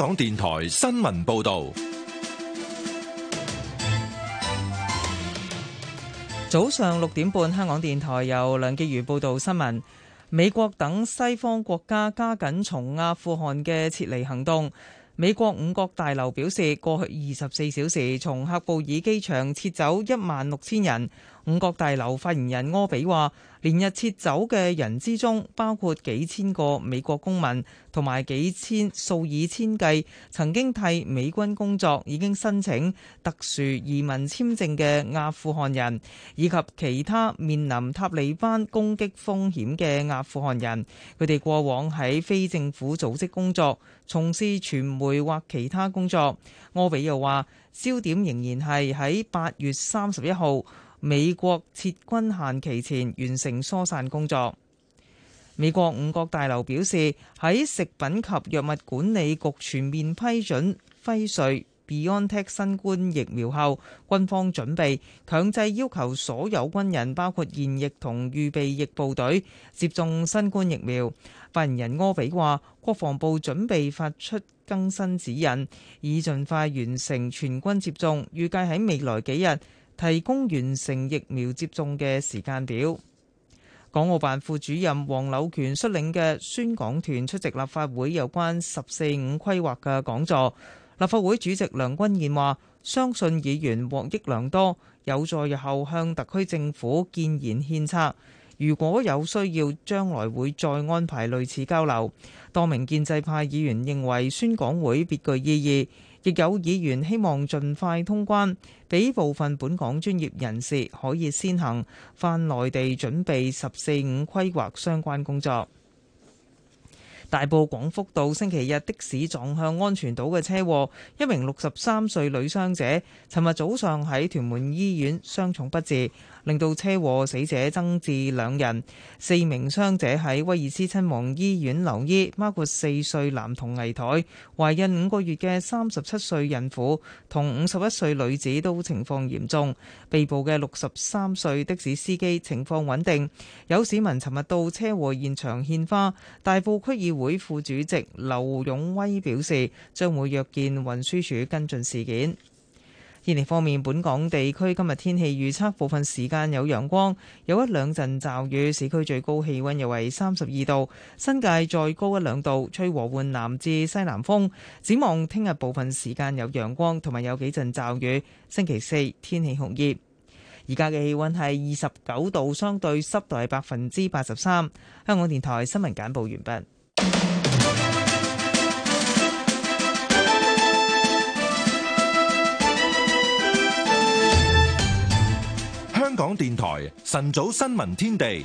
港電台新聞報道，早上六點半，香港電台由梁潔如報道新聞。美國等西方國家加緊從阿富汗嘅撤離行動。美國五角大樓表示，過去二十四小時從喀布爾機場撤走一萬六千人。五角大樓發言人柯比話。連日撤走嘅人之中，包括幾千個美國公民，同埋幾千數以千計曾經替美軍工作、已經申請特殊移民簽證嘅阿富汗人，以及其他面臨塔利班攻擊風險嘅阿富汗人。佢哋過往喺非政府組織工作，從事傳媒或其他工作。柯比又話：焦點仍然係喺八月三十一號。美國撤軍限期前完成疏散工作。美國五角大樓表示，喺食品及藥物管理局全面批准輝瑞、BioNTech 新冠疫苗後，軍方準備強制要求所有軍人，包括現役同預備役部隊接種新冠疫苗。發言人,人柯比話，國防部準備發出更新指引，以盡快完成全軍接種，預計喺未來幾日。提供完成疫苗接種嘅時間表。港澳辦副主任黃柳權率領嘅宣講團出席立法會有關十四五規劃嘅講座。立法會主席梁君彥話相信議員獲益良多，有助日後向特區政府建言獻策。如果有需要，將來會再安排類似交流。多名建制派議員認為宣講會別具意義。亦有議員希望盡快通關，俾部分本港專業人士可以先行返內地，準備十四五規劃相關工作。大埔廣福道星期日的士撞向安全島嘅車禍，一名六十三歲女傷者，尋日早上喺屯門醫院傷重不治。令到車禍死者增至兩人，四名傷者喺威爾斯親王醫院留醫，包括四歲男童危殆、懷孕五個月嘅三十七歲孕婦同五十一歲女子都情況嚴重。被捕嘅六十三歲的的士司機情況穩定。有市民尋日到車禍現場獻花。大埔區議會副主席劉勇威表示，將會約見運輸署跟進事件。天氣方面，本港地區今日天，天氣預測部分時間有陽光，有一兩陣驟雨。市區最高氣温約為三十二度，新界再高一兩度，吹和緩南至西南風。展望聽日部分時間有陽光，同埋有幾陣驟雨。星期四天氣酷熱，而家嘅氣溫係二十九度，相對濕度係百分之八十三。香港電台新聞簡報完畢。港電台晨早新聞天地，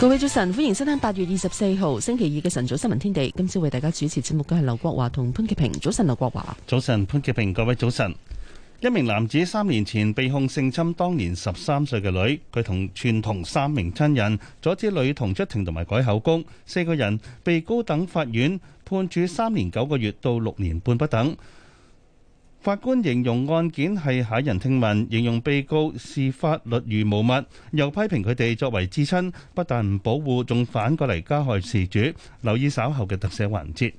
各位早晨，歡迎收聽八月二十四號星期二嘅晨早新聞天地。今朝為大家主持節目嘅係劉國華同潘潔平。早晨，劉國華。早晨，潘潔平。各位早晨。一名男子三年前被控性侵當年十三歲嘅女，佢同串同三名親人阻止女童出庭同埋改口供，四個人被高等法院判處三年九個月到六年半不等。法官形容案件係駭人聽聞，形容被告視法律如無物，又批評佢哋作為至親，不但唔保護，仲反過嚟加害事主。留意稍後嘅特寫環節。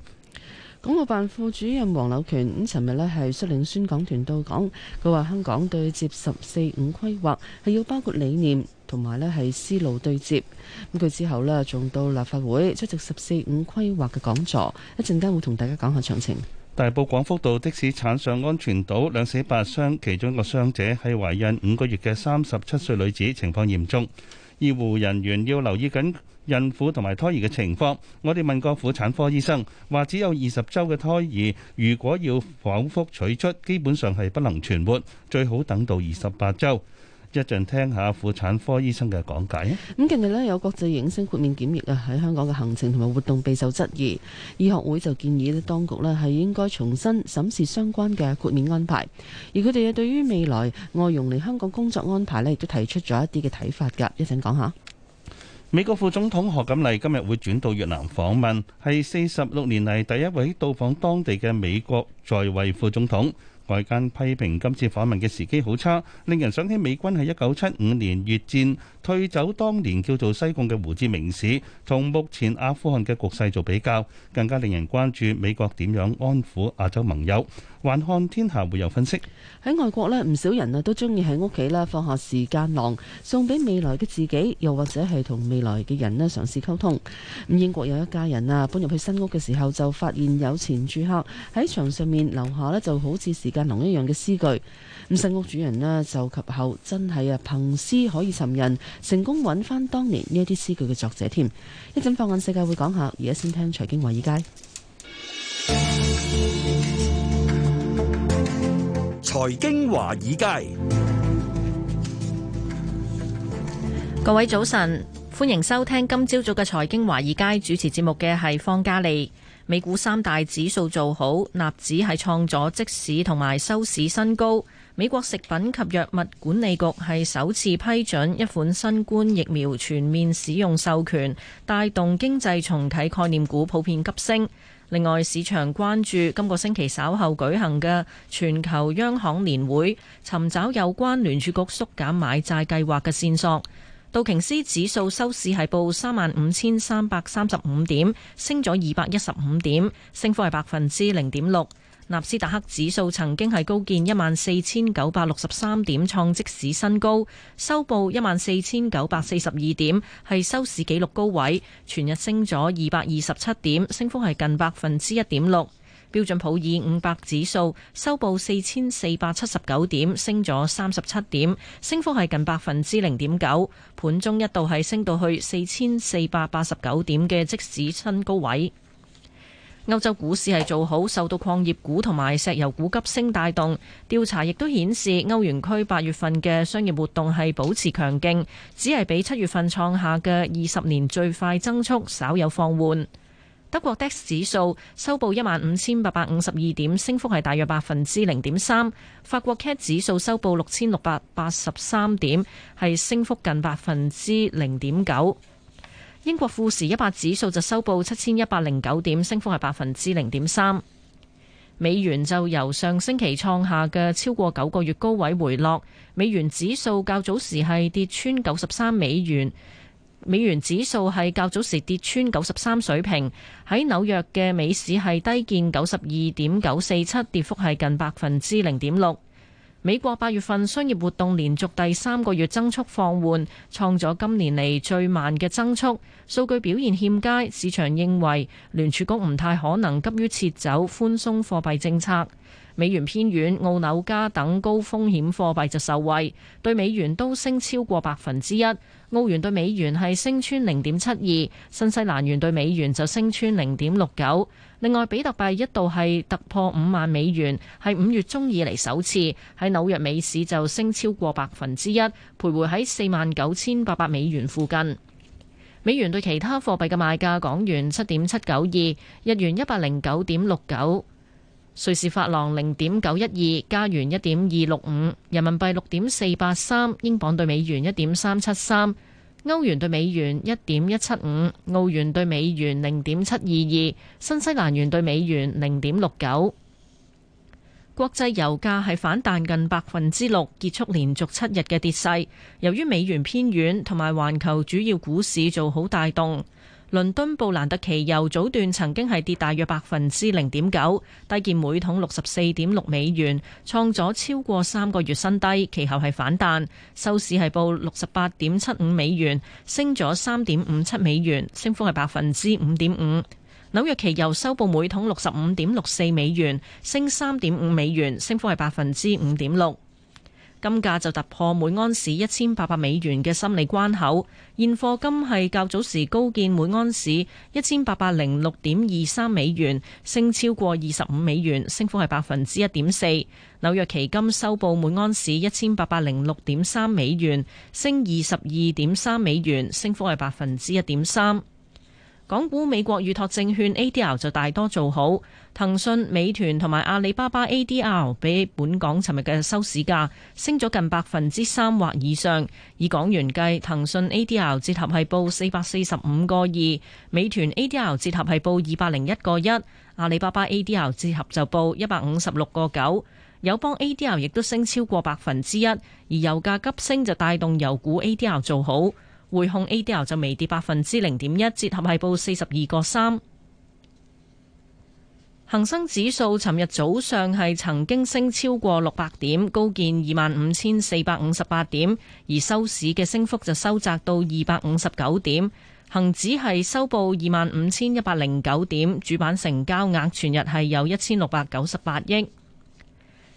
港澳辦副主任黃柳權咁，尋日咧係率領宣講團到港，佢話香港對接十四五規劃係要包括理念同埋咧係思路對接。咁佢之後咧仲到立法會出席十四五規劃嘅講座，一陣間會同大家講下詳情。大埔廣福道的士鏟上安全島，兩死八傷，其中一個傷者係懷孕五個月嘅三十七歲女子，情況嚴重，醫護人員要留意緊孕婦同埋胎兒嘅情況。我哋問過婦產科醫生，話只有二十周嘅胎兒，如果要剖腹取出，基本上係不能存活，最好等到二十八周。一陣聽下婦產科醫生嘅講解。咁近日咧有國際影星豁免檢疫啊，喺香港嘅行程同埋活動備受質疑。醫學會就建議咧，當局咧係應該重新審視相關嘅豁免安排。而佢哋啊，對於未來外傭嚟香港工作安排咧，亦都提出咗一啲嘅睇法㗎。一陣講下。美國副總統賀錦麗今日會轉到越南訪問，係四十六年嚟第一位到訪當地嘅美國在位副總統。外間批評今次訪問嘅時機好差，令人想起美軍喺一九七五年越戰。退走當年叫做西貢嘅胡志明市，同目前阿富汗嘅局勢做比較，更加令人關注美國點樣安撫亞洲盟友。還看天下會有分析。喺外國呢，唔少人啊都中意喺屋企呢放下時間囊，送俾未來嘅自己，又或者係同未來嘅人呢嘗試溝通。英國有一家人啊搬入去新屋嘅時候，就發現有前住客喺牆上面留下呢就好似時間囊一樣嘅詩句。咁新屋主人呢，就及後真係啊，憑詩可以尋人，成功揾翻當年呢一啲詩句嘅作者添。一陣放眼世界，會講下。而家先聽財經華爾街。財經華爾街，各位早晨，歡迎收聽今朝早嘅財經華爾街主持節目嘅係方嘉利。美股三大指數做好，納指係創咗即市同埋收市新高。美國食品及藥物管理局係首次批准一款新冠疫苗全面使用授權，帶動經濟重啟概念股普遍急升。另外，市場關注今個星期稍後舉行嘅全球央行年會，尋找有關聯儲局縮減買債計劃嘅線索。道瓊斯指數收市係報三萬五千三百三十五點，升咗二百一十五點，升幅係百分之零點六。納斯達克指數曾經係高見一萬四千九百六十三點創即市新高，收報一萬四千九百四十二點，係收市紀錄高位，全日升咗二百二十七點，升幅係近百分之一點六。標準普爾五百指數收報四千四百七十九點，升咗三十七點，升幅係近百分之零點九，盤中一度係升到去四千四百八十九點嘅即市新高位。歐洲股市係做好，受到礦業股同埋石油股急升帶動。調查亦都顯示，歐元區八月份嘅商業活動係保持強勁，只係比七月份創下嘅二十年最快增速稍有放緩。德國 DAX 指數收報一萬五千八百五十二點，升幅係大約百分之零點三。法國 CAC 指數收報六千六百八十三點，係升幅近百分之零點九。英國富時一百指數就收報七千一百零九點，升幅係百分之零點三。美元就由上星期創下嘅超過九個月高位回落，美元指數較早時係跌穿九十三美元，美元指數係較早時跌穿九十三水平。喺紐約嘅美市係低見九十二點九四七，跌幅係近百分之零點六。美國八月份商業活動連續第三個月增速放緩，創咗今年嚟最慢嘅增速。數據表現欠佳，市場認為聯儲局唔太可能急於撤走寬鬆貨幣政策。美元偏軟，澳紐加等高風險貨幣就受惠，對美元都升超過百分之一。澳元對美元係升穿零點七二，新西蘭元對美元就升穿零點六九。另外，比特幣一度係突破五萬美元，係五月中以嚟首次，喺紐約美市就升超過百分之一，徘徊喺四萬九千八百美元附近。美元對其他貨幣嘅賣價，港元七點七九二，日元一百零九點六九，瑞士法郎零點九一二，加元一點二六五，人民幣六點四八三，英鎊對美元一點三七三。歐元兌美元一點一七五，澳元兌美元零點七二二，新西蘭元兌美元零點六九。國際油價係反彈近百分之六，結束連續七日嘅跌勢。由於美元偏軟，同埋環球主要股市做好帶動。倫敦布蘭特期油早段曾經係跌大約百分之零點九，低見每桶六十四點六美元，創咗超過三個月新低。其後係反彈，收市係報六十八點七五美元，升咗三點五七美元，升幅係百分之五點五。紐約期油收報每桶六十五點六四美元，升三點五美元，升幅係百分之五點六。金價就突破每盎士一千八百美元嘅心理關口，現貨金係較早時高見每盎士一千八百零六點二三美元，升超過二十五美元，升幅係百分之一點四。紐約期金收報每盎士一千八百零六點三美元，升二十二點三美元，升幅係百分之一點三。港股、美國預託證券 ADR 就大多做好，騰訊、美團同埋阿里巴巴 ADR 比本港尋日嘅收市價升咗近百分之三或以上。以港元計，騰訊 ADR 折合係報四百四十五個二，美團 ADR 折合係報二百零一個一，阿里巴巴 ADR 折合就報一百五十六個九。友邦 ADR 亦都升超過百分之一，而油價急升就帶動油股 ADR 做好。匯控 A.D.R 就微跌百分之零點一，折合係報四十二個三。恒生指數尋日早上係曾經升超過六百點，高見二萬五千四百五十八點，而收市嘅升幅就收窄到二百五十九點。恒指係收報二萬五千一百零九點，主板成交額全日係有一千六百九十八億。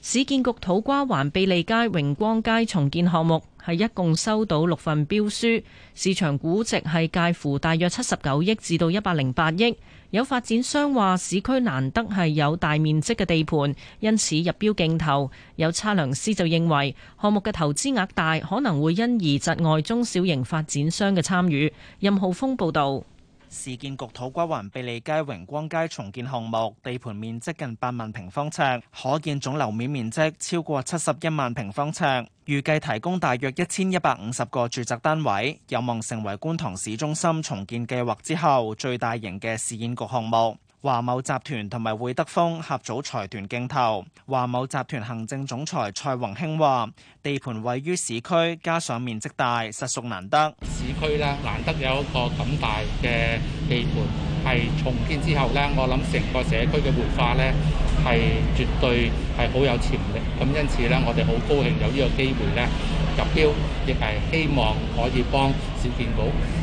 市建局土瓜灣庇利街榮光街重建項目，係一共收到六份標書，市場估值係介乎大約七十九億至到一百零八億。有發展商話市區難得係有大面積嘅地盤，因此入標競投。有測量師就認為項目嘅投資額大，可能會因而窒礙中小型發展商嘅參與。任浩峰報導。市建局土瓜灣庇利街榮光街重建項目，地盤面積近八萬平方尺，可建總樓面面積超過七十一萬平方尺，預計提供大約一千一百五十個住宅單位，有望成為觀塘市中心重建計劃之後最大型嘅市建局項目。華懋集團同埋會德豐合組財團競投。華懋集團行政總裁蔡宏興話，地盤位於市區，加上面積大，實屬難得。市區咧難得有一個咁大嘅地盤，係重建之後呢，我諗成個社區嘅活化呢係絕對係好有潛力。咁因此呢，我哋好高興有呢個機會呢入標，亦係希望可以幫市建局，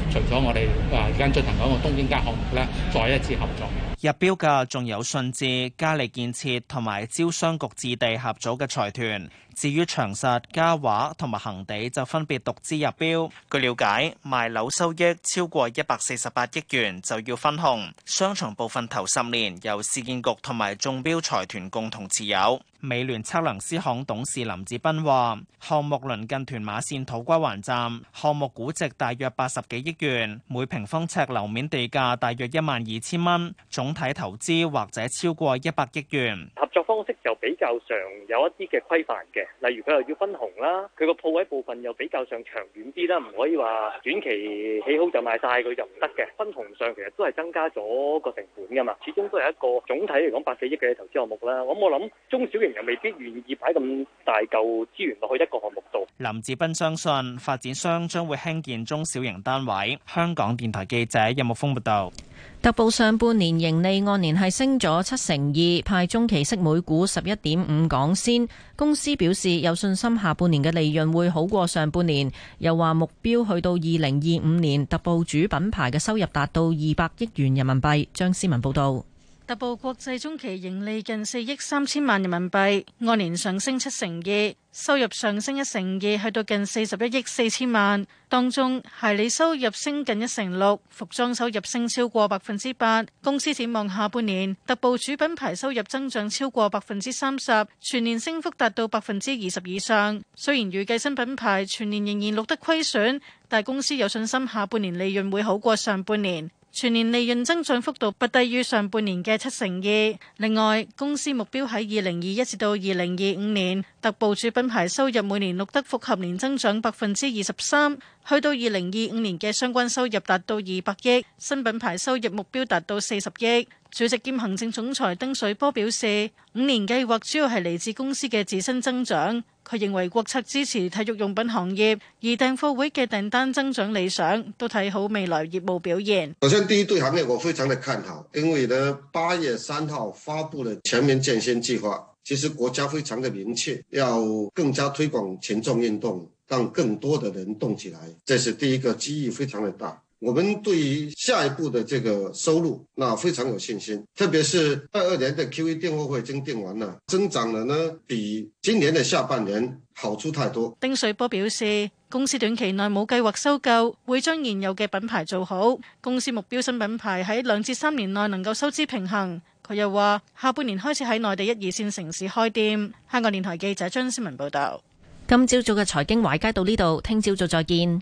除咗我哋誒而家進行嗰個東京街項目呢，再一次合作。入標嘅仲有信智、嘉利建設同埋招商局置地合組嘅財團。至於長實、嘉華同埋恒地就分別獨資入標。據了解，賣樓收益超過一百四十八億元就要分紅。商場部分頭十年，由市建局同埋中標財團共同持有。美聯測量師行董事林志斌話，項目鄰近屯馬線土瓜灣站，項目估值大約八十幾億元，每平方尺樓面地價大約一萬二千蚊，總體投資或者超過一百億元。合方式就比較上有一啲嘅規範嘅，例如佢又要分紅啦，佢個鋪位部分又比較上長遠啲啦，唔可以話短期起好就賣晒，佢就唔得嘅。分紅上其實都係增加咗個成本噶嘛，始終都係一個總體嚟講百四億嘅投資項目啦。咁我諗中小型又未必願意擺咁大嚿資源落去一個項目度。林志斌相信發展商將會興建中小型單位。香港電台記者任木峯報道。特步上半年盈利按年係升咗七成二，派中期息每股十一點五港仙。公司表示有信心下半年嘅利潤會好過上半年，又話目標去到二零二五年，特步主品牌嘅收入達到二百億元人民幣。張思文報道。特步國際中期盈利近四億三千萬人民幣，按年上升七成二，收入上升一成二，去到近四十一億四千萬。當中鞋類收入升近一成六，服裝收入升超過百分之八。公司展望下半年，特步主品牌收入增長超過百分之三十，全年升幅達到百分之二十以上。雖然預計新品牌全年仍然錄得虧損，但公司有信心下半年利潤會好過上半年。全年利潤增長幅度不低於上半年嘅七成二。另外，公司目標喺二零二一至到二零二五年，特步主品牌收入每年錄得複合年增長百分之二十三，去到二零二五年嘅相關收入達到二百億，新品牌收入目標達到四十億。主席兼行政總裁丁水波表示，五年計劃主要係嚟自公司嘅自身增長。佢認為國策支持體育用品行業，而訂貨會嘅訂單增長理想，都睇好未來業務表現。首先第一對行業我非常的看好，因為呢八月三號發布了全民健身計劃，其實國家非常的明確，要更加推廣群眾運動，讓更多的人動起來，這是第一個機遇非常的大。我們對於下一步的這個收入，那非常有信心，特別是二二年的 Q1 訂貨會已經訂完了，增長了呢，比今年的下半年好處太多。丁水波表示，公司短期內冇計劃收購，會將現有嘅品牌做好。公司目標新品牌喺兩至三年內能夠收支平衡。佢又話，下半年開始喺內地一二線城市開店。香港電台記者張思文報道。今朝早嘅財經華爾街到呢度，聽朝早再見。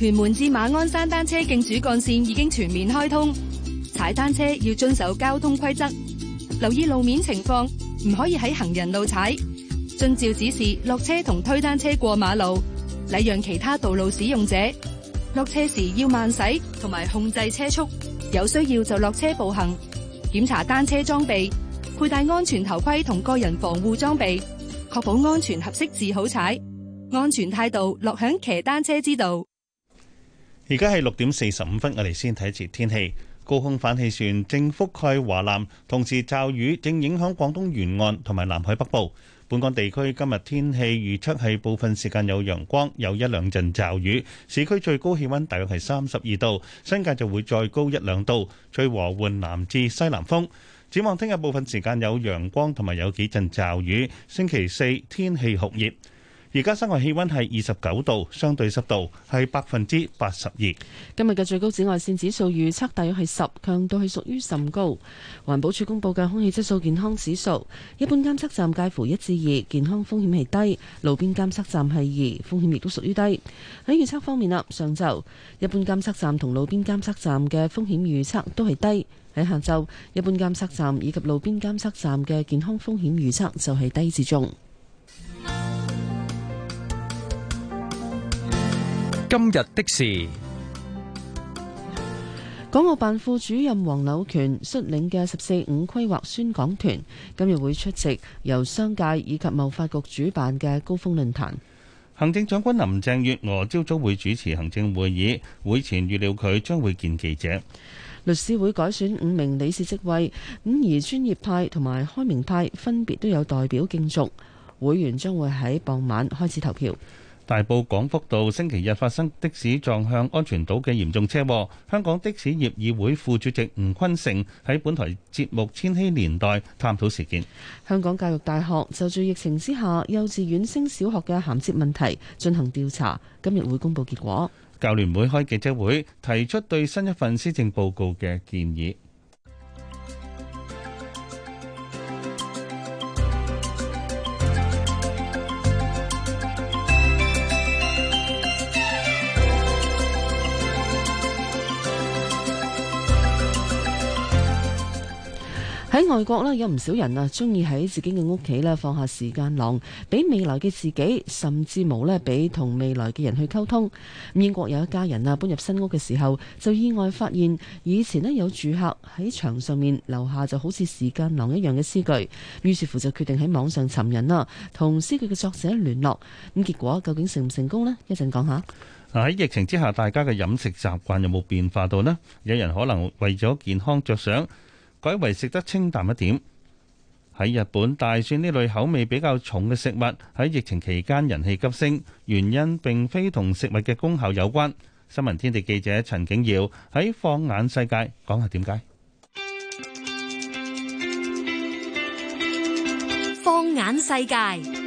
屯門至馬鞍山單車徑主幹線已經全面開通，踩單車要遵守交通規則，留意路面情況，唔可以喺行人路踩。遵照指示落車同推單車過馬路，禮讓其他道路使用者。落車時要慢駛同埋控制車速，有需要就落車步行。檢查單車裝備，佩戴安全頭盔同個人防護裝備，確保安全合適至好踩。安全態度，落響騎單車之道。而家係六點四十五分，我哋先睇一節天氣。高空反氣旋正覆蓋華南，同時驟雨正影響廣東沿岸同埋南海北部。本港地區今日天氣預測係部分時間有陽光，有一兩陣驟雨。市區最高氣溫大約係三十二度，新界就會再高一兩度。吹和緩南至西南風。展望聽日部分時間有陽光，同埋有幾陣驟雨。星期四，天氣酷熱。而家室外氣溫係二十九度，相對濕度係百分之八十二。今日嘅最高紫外線指數預測大約係十，強度係屬於甚高。環保署公佈嘅空氣質素健康指數，一般監測站介乎一至二，健康風險係低；路邊監測站係二，風險亦都屬於低。喺預測方面，上晝一般監測站同路邊監測站嘅風險預測都係低；喺下晝，一般監測站以及路邊監測站嘅健康風險預測就係低至中。今日的事，港澳辦副主任黃柳權率領嘅十四五規劃宣講團今日會出席由商界以及貿發局主辦嘅高峰論壇。行政長官林鄭月娥朝早會主持行政會議，會前預料佢將會見記者。律師會改選五名理事職位，五而專業派同埋開明派分別都有代表競逐，會員將會喺傍晚開始投票。大埔廣福道星期日發生的士撞向安全島嘅嚴重車禍，香港的士業議會副主席吳坤成喺本台節目《千禧年代》探討事件。香港教育大學就住疫情之下幼稚園升小學嘅銜接問題進行調查，今日會公布結果。教聯會開記者會，提出對新一份施政報告嘅建議。喺外國咧，有唔少人啊，中意喺自己嘅屋企咧放下時間囊，俾未來嘅自己，甚至冇咧俾同未來嘅人去溝通。英國有一家人啊，搬入新屋嘅時候，就意外發現以前咧有住客喺牆上面留下就好似時間囊一樣嘅詩句，於是乎就決定喺網上尋人啦，同詩句嘅作者聯絡。咁結果究竟成唔成功呢？一陣講下。喺疫情之下，大家嘅飲食習慣有冇變化到呢？有人可能為咗健康着想。改為食得清淡一點。喺日本，大蒜呢類口味比較重嘅食物，喺疫情期間人氣急升，原因並非同食物嘅功效有關。新聞天地記者陳景耀喺放眼世界講下點解。放眼世界。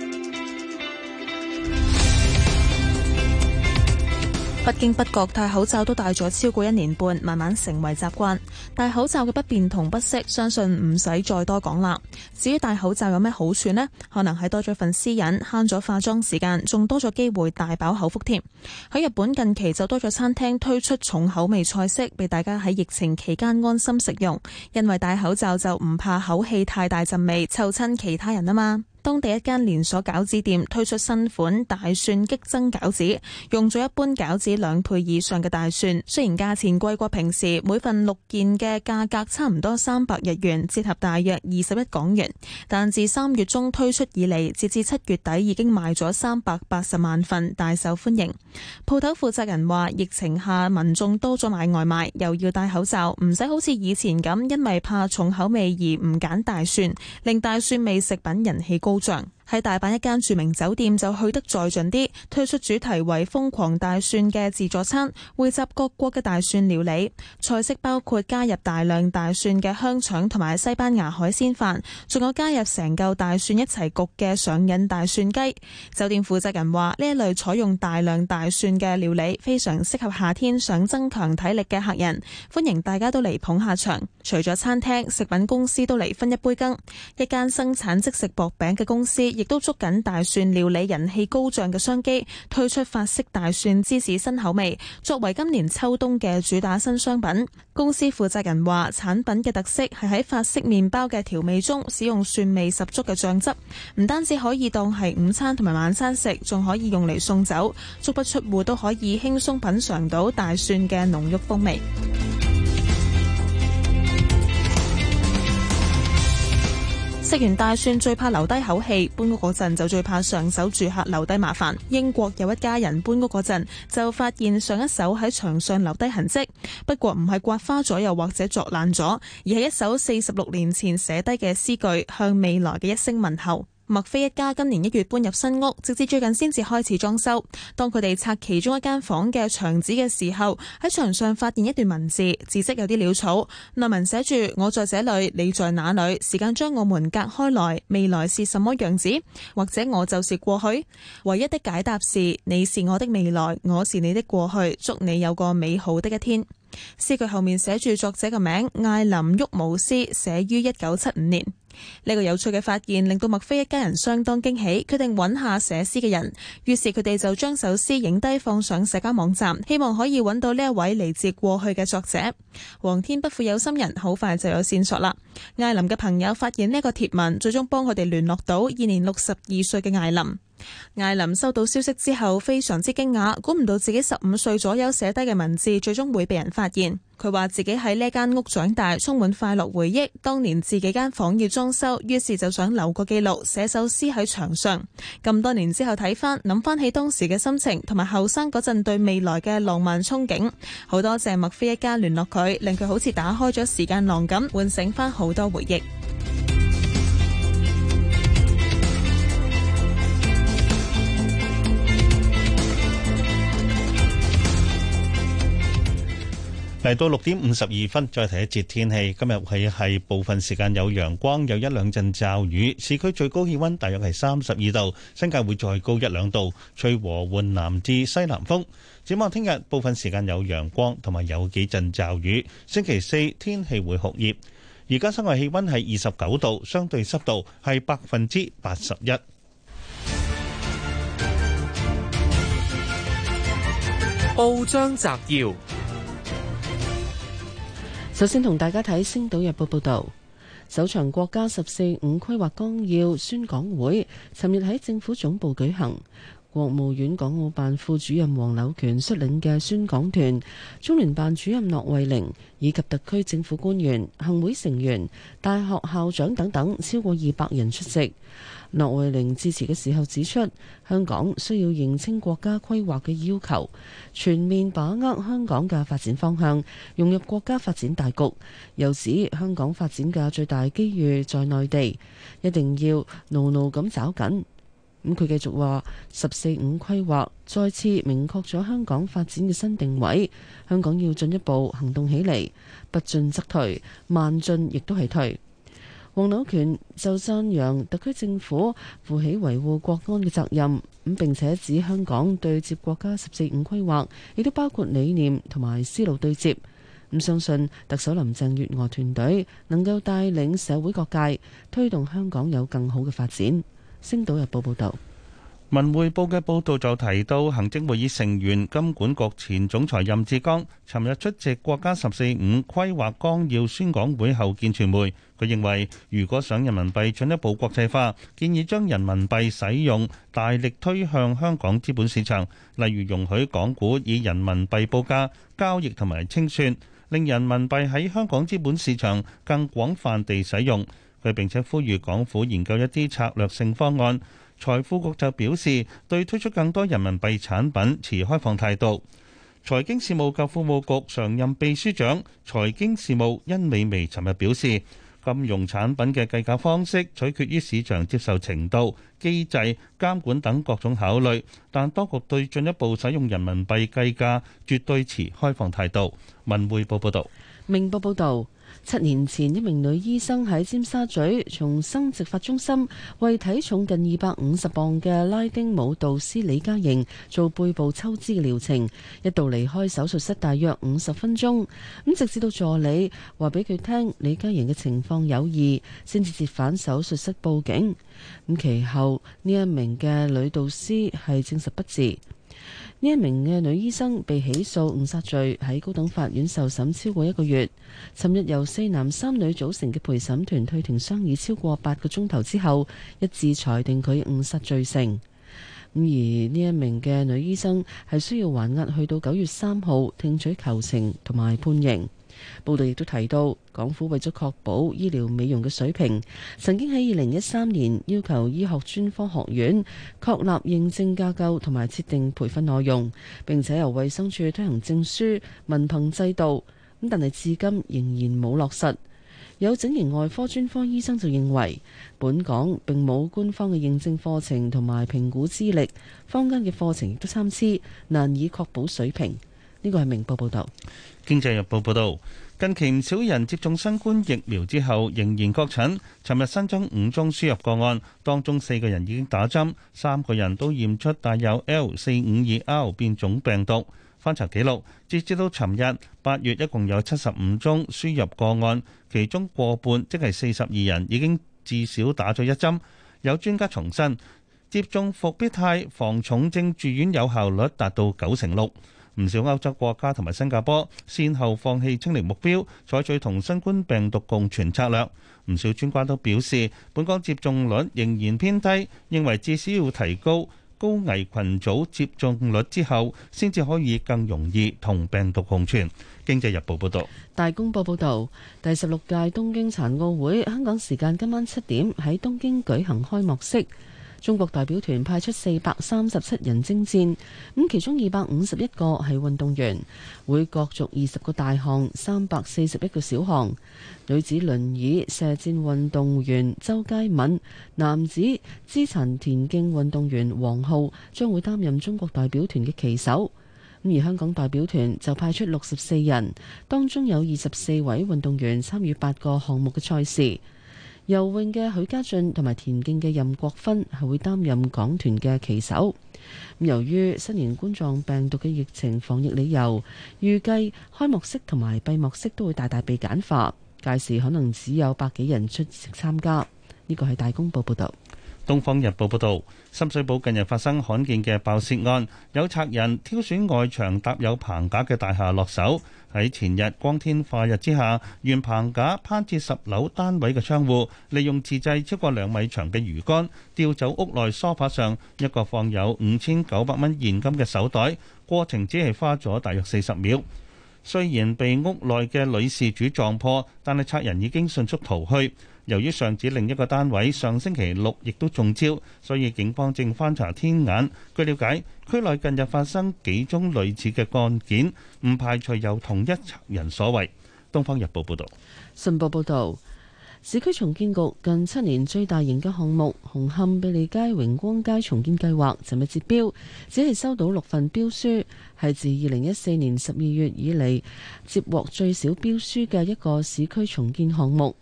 不經不覺戴口罩都戴咗超過一年半，慢慢成為習慣。戴口罩嘅不便同不適，相信唔使再多講啦。至於戴口罩有咩好處呢？可能係多咗份私隱，慳咗化妝時間，仲多咗機會大飽口福添。喺日本近期就多咗餐廳推出重口味菜式，俾大家喺疫情期間安心食用，因為戴口罩就唔怕口氣太大陣味，臭親其他人啊嘛。當地一間連鎖餃子店推出新款大蒜激增餃子，用咗一般餃子兩倍以上嘅大蒜。雖然價錢貴過平時每份六件嘅價格差唔多三百日元，折合大約二十一港元。但自三月中推出以嚟，截至七月底已經賣咗三百八十萬份，大受歡迎。鋪頭負責人話疫情下民眾多咗買外賣又要戴口罩，唔使好似以前咁因為怕重口味而唔揀大蒜，令大蒜味食品人氣高。保障。喺大阪一間著名酒店就去得再盡啲，推出主題為瘋狂大蒜嘅自助餐，匯集各國嘅大蒜料理，菜式包括加入大量大蒜嘅香腸同埋西班牙海鮮飯，仲有加入成嚿大蒜一齊焗嘅上癮大蒜雞。酒店負責人話：呢一類採用大量大蒜嘅料理非常適合夏天想增強體力嘅客人，歡迎大家都嚟捧下場。除咗餐廳，食品公司都嚟分一杯羹。一間生產即食薄餅嘅公司亦亦都捉緊大蒜料理人氣高漲嘅商機，推出法式大蒜芝士新口味，作為今年秋冬嘅主打新商品。公司負責人話，產品嘅特色係喺法式麵包嘅調味中使用蒜味十足嘅醬汁，唔單止可以當係午餐同埋晚餐食，仲可以用嚟送酒，足不出戶都可以輕鬆品嘗到大蒜嘅濃郁風味。食完大蒜最怕留低口氣，搬屋嗰陣就最怕上手住客留低麻煩。英國有一家人搬屋嗰陣，就發現上一手喺牆上留低痕跡，不過唔係刮花咗又或者鑿爛咗，而係一首四十六年前寫低嘅詩句，向未來嘅一聲問候。莫非一家今年一月搬入新屋，直至最近先至開始裝修。當佢哋拆其中一間房嘅牆紙嘅時候，喺牆上發現一段文字，字跡有啲潦草，內文寫住：我在這裡，你在哪裡？時間將我們隔開來，未來是什麼樣子？或者我就是過去？唯一的解答是：你是我的未來，我是你的過去。祝你有個美好的一天。詩句後面寫住作者嘅名艾琳沃姆斯，寫於一九七五年。呢個有趣嘅發現令到麥菲一家人相當驚喜，決定揾下寫詩嘅人。於是佢哋就將首詩影低放上社交網站，希望可以揾到呢一位嚟自過去嘅作者。皇天不負有心人，好快就有線索啦。艾琳嘅朋友發現呢個貼文，最終幫佢哋聯絡到現年六十二歲嘅艾琳。艾琳收到消息之後非常之驚訝，估唔到自己十五歲左右寫低嘅文字最終會被人發現。佢話自己喺呢間屋長大，充滿快樂回憶。當年自己間房要裝修，於是就想留個記錄，寫首詩喺牆上。咁多年之後睇翻，諗翻起當時嘅心情，同埋後生嗰陣對未來嘅浪漫憧憬。好多謝麥菲一家聯絡佢，令佢好似打開咗時間廊咁，喚醒翻好多回憶。嚟到六點五十二分，再睇一節天氣。今日係係部分時間有陽光，有一兩陣驟雨。市區最高氣溫大約係三十二度，新界會再高一兩度，吹和緩南至西南風。展望聽日部分時間有陽光，同埋有幾陣驟雨。星期四天氣會酷熱，而家室外氣溫係二十九度，相對濕度係百分之八十一。報章摘要。首先同大家睇《星島日報》報道，首場國家十四五規劃綱要宣講會，尋日喺政府總部舉行。國務院港澳辦副主任黃柳權率領嘅宣講團，中聯辦主任駱惠寧以及特區政府官員、行會成員、大學校長等等，超過二百人出席。駱惠寧致辭嘅時候指出，香港需要認清國家規劃嘅要求，全面把握香港嘅發展方向，融入國家發展大局。由此，香港發展嘅最大機遇在內地，一定要牢牢咁抓緊。咁佢繼續話，十四五規劃再次明確咗香港發展嘅新定位，香港要進一步行動起嚟，不進則退，慢進亦都係退。黃柳權就讚揚特區政府負起維護國安嘅責任，咁並且指香港對接國家十四五規劃，亦都包括理念同埋思路對接。咁相信特首林鄭月娥團隊能夠帶領社會各界，推動香港有更好嘅發展。星島日報報道。文匯報嘅報道就提到，行政會議成員金管局前總裁任志剛，尋日出席國家十四五規劃綱要宣講會後見傳媒。佢認為，如果想人民幣進一步國際化，建議將人民幣使用大力推向香港資本市場，例如容許港股以人民幣報價、交易同埋清算，令人民幣喺香港資本市場更廣泛地使用。佢並且呼籲港府研究一啲策略性方案。財富局就表示，對推出更多人民幣產品持開放態度。財經事務及服務局常任秘書長財經事務甄美薇尋日表示，金融產品嘅計價方式取決於市場接受程度、機制、監管等各種考慮，但當局對進一步使用人民幣計價絕對持開放態度。文匯報報，報道。明報報導。七年前，一名女醫生喺尖沙咀重生植髮中心為體重近二百五十磅嘅拉丁舞導師李嘉瑩做背部抽脂嘅療程，一度離開手術室，大約五十分鐘。咁直至到助理話俾佢聽李嘉瑩嘅情況有異，先至折返手術室報警。咁其後呢一名嘅女導師係證實不治。呢一名嘅女醫生被起訴誤殺罪，喺高等法院受審超過一個月。尋日由四男三女組成嘅陪審團退庭商議超過八個鐘頭之後，一致裁定佢誤殺罪成。咁而呢一名嘅女醫生係需要還押去到九月三號聽取求情同埋判刑。報道亦都提到，港府為咗確保醫療美容嘅水平，曾經喺二零一三年要求醫學專科學院確立認證架構同埋設定培訓內容，並且由衛生署推行證書、文憑制度。咁但係至今仍然冇落實。有整形外科專科醫生就認為，本港並冇官方嘅認證課程同埋評估資歷，坊間嘅課程亦都參差，難以確保水平。呢個係明報報導，《經濟日報》報導，近期唔少人接種新冠疫苗之後仍然確診。尋日新增五宗輸入個案，當中四個人已經打針，三個人都驗出帶有 L 四五二 R 變種病毒。翻查記錄，截至到尋日八月，一共有七十五宗輸入個案，其中過半，即係四十二人已經至少打咗一針。有專家重申，接種復必泰防重症住院有效率達到九成六。唔少歐洲國家同埋新加坡先後放棄清零目標，採取同新冠病毒共存策略。唔少專家都表示，本港接種率仍然偏低，認為至少要提高高危群組接種率之後，先至可以更容易同病毒共存。經濟日報報道。大公報報道，第十六屆東京殘奧會香港時間今晚七點喺東京舉行開幕式。中國代表團派出四百三十七人征戰，咁其中二百五十一個係運動員，會角逐二十個大項、三百四十一個小項。女子輪椅射箭運動員周佳敏、男子肢殘田徑運動員王浩將會擔任中國代表團嘅旗手。咁而香港代表團就派出六十四人，當中有二十四位運動員參與八個項目嘅賽事。游泳嘅許家俊同埋田徑嘅任國芬係會擔任港團嘅旗手。由於新型冠狀病毒嘅疫情防疫理由，預計開幕式同埋閉幕式都會大大被簡化，屆時可能只有百幾人出席參加。呢個係大公報報導。《東方日報》報導，深水埗近日發生罕見嘅爆竊案，有賊人挑選外牆搭有棚架嘅大廈落手。喺前日光天化日之下，沿棚架攀至十樓單位嘅窗戶，利用自製超過兩米長嘅魚竿，吊走屋內梳化上一個放有五千九百蚊現金嘅手袋，過程只係花咗大約四十秒。雖然被屋內嘅女事主撞破，但係賊人已經迅速逃去。由於上址另一個單位上星期六亦都中招，所以警方正翻查天眼。據了解，區內近日發生幾宗類似嘅案件，唔排除由同一賊人所為。東方日報報道，信報報道。市區重建局近七年最大型嘅項目——紅磡庇利街、榮光街重建計劃，昨日接標，只係收到六份標書，係自二零一四年十二月以嚟接獲最少標書嘅一個市區重建項目。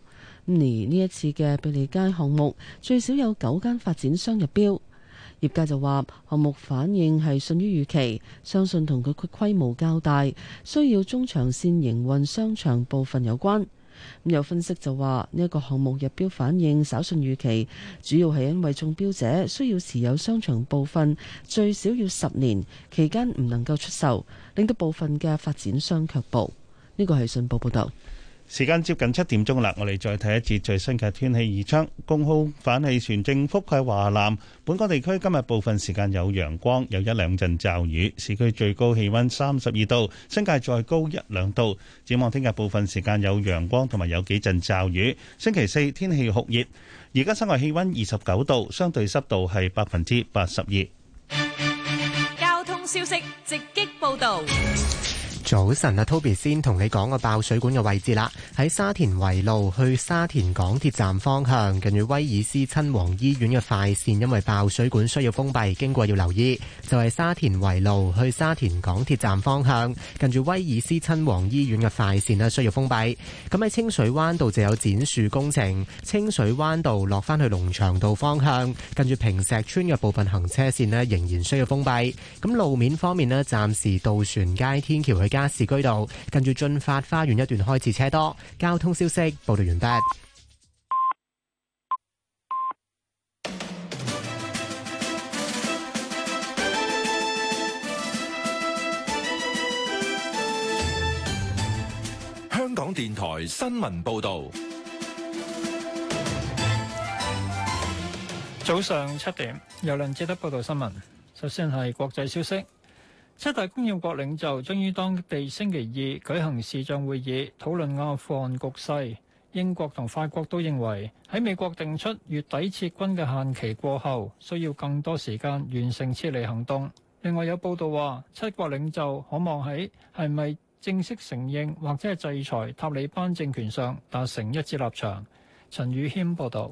而呢一次嘅庇利街項目最少有九間發展商入標，業界就話項目反應係遜於預期，相信同佢規模較大、需要中長線營運商場部分有關。咁有分析就話呢一個項目入標反應稍遜預期，主要係因為中標者需要持有商場部分最少要十年，期間唔能夠出售，令到部分嘅發展商卻步。呢個係信報報道。時間接近七點鐘啦，我哋再睇一節最新嘅天氣預測。高空反氣旋正覆蓋華南。本港地區，今日部分時間有陽光，有一兩陣驟雨。市區最高氣溫三十二度，新界再高一兩度。展望聽日部分時間有陽光，同埋有幾陣驟雨。星期四天氣酷熱，而家室外氣溫二十九度，相對濕度係百分之八十二。交通消息直擊報道。早晨啊，Toby 先同你講個爆水管嘅位置啦。喺沙田圍路去沙田港鐵站方向，近住威爾斯親王醫院嘅快線，因為爆水管需要封閉，經過要留意。就係沙田圍路去沙田港鐵站方向，近住威爾斯親王醫院嘅快線咧需要封閉。咁喺清水灣道就有剪樹工程，清水灣道落翻去龍翔道方向，近住坪石邨嘅部分行車線咧仍然需要封閉。咁路面方面咧，暫時渡船街天橋去巴士居道近住駿發花園一段開始車多，交通消息報道完畢。香港電台新聞報道，早上七點，由梁智德報道新聞。首先係國際消息。七大工業國領袖將於當地星期二舉行視像會議，討論阿富汗局勢。英國同法國都認為喺美國定出月底撤軍嘅限期過後，需要更多時間完成撤離行動。另外有報道話，七國領袖可望喺係咪正式承認或者係制裁塔利班政權上達成一致立場。陳宇謙報道。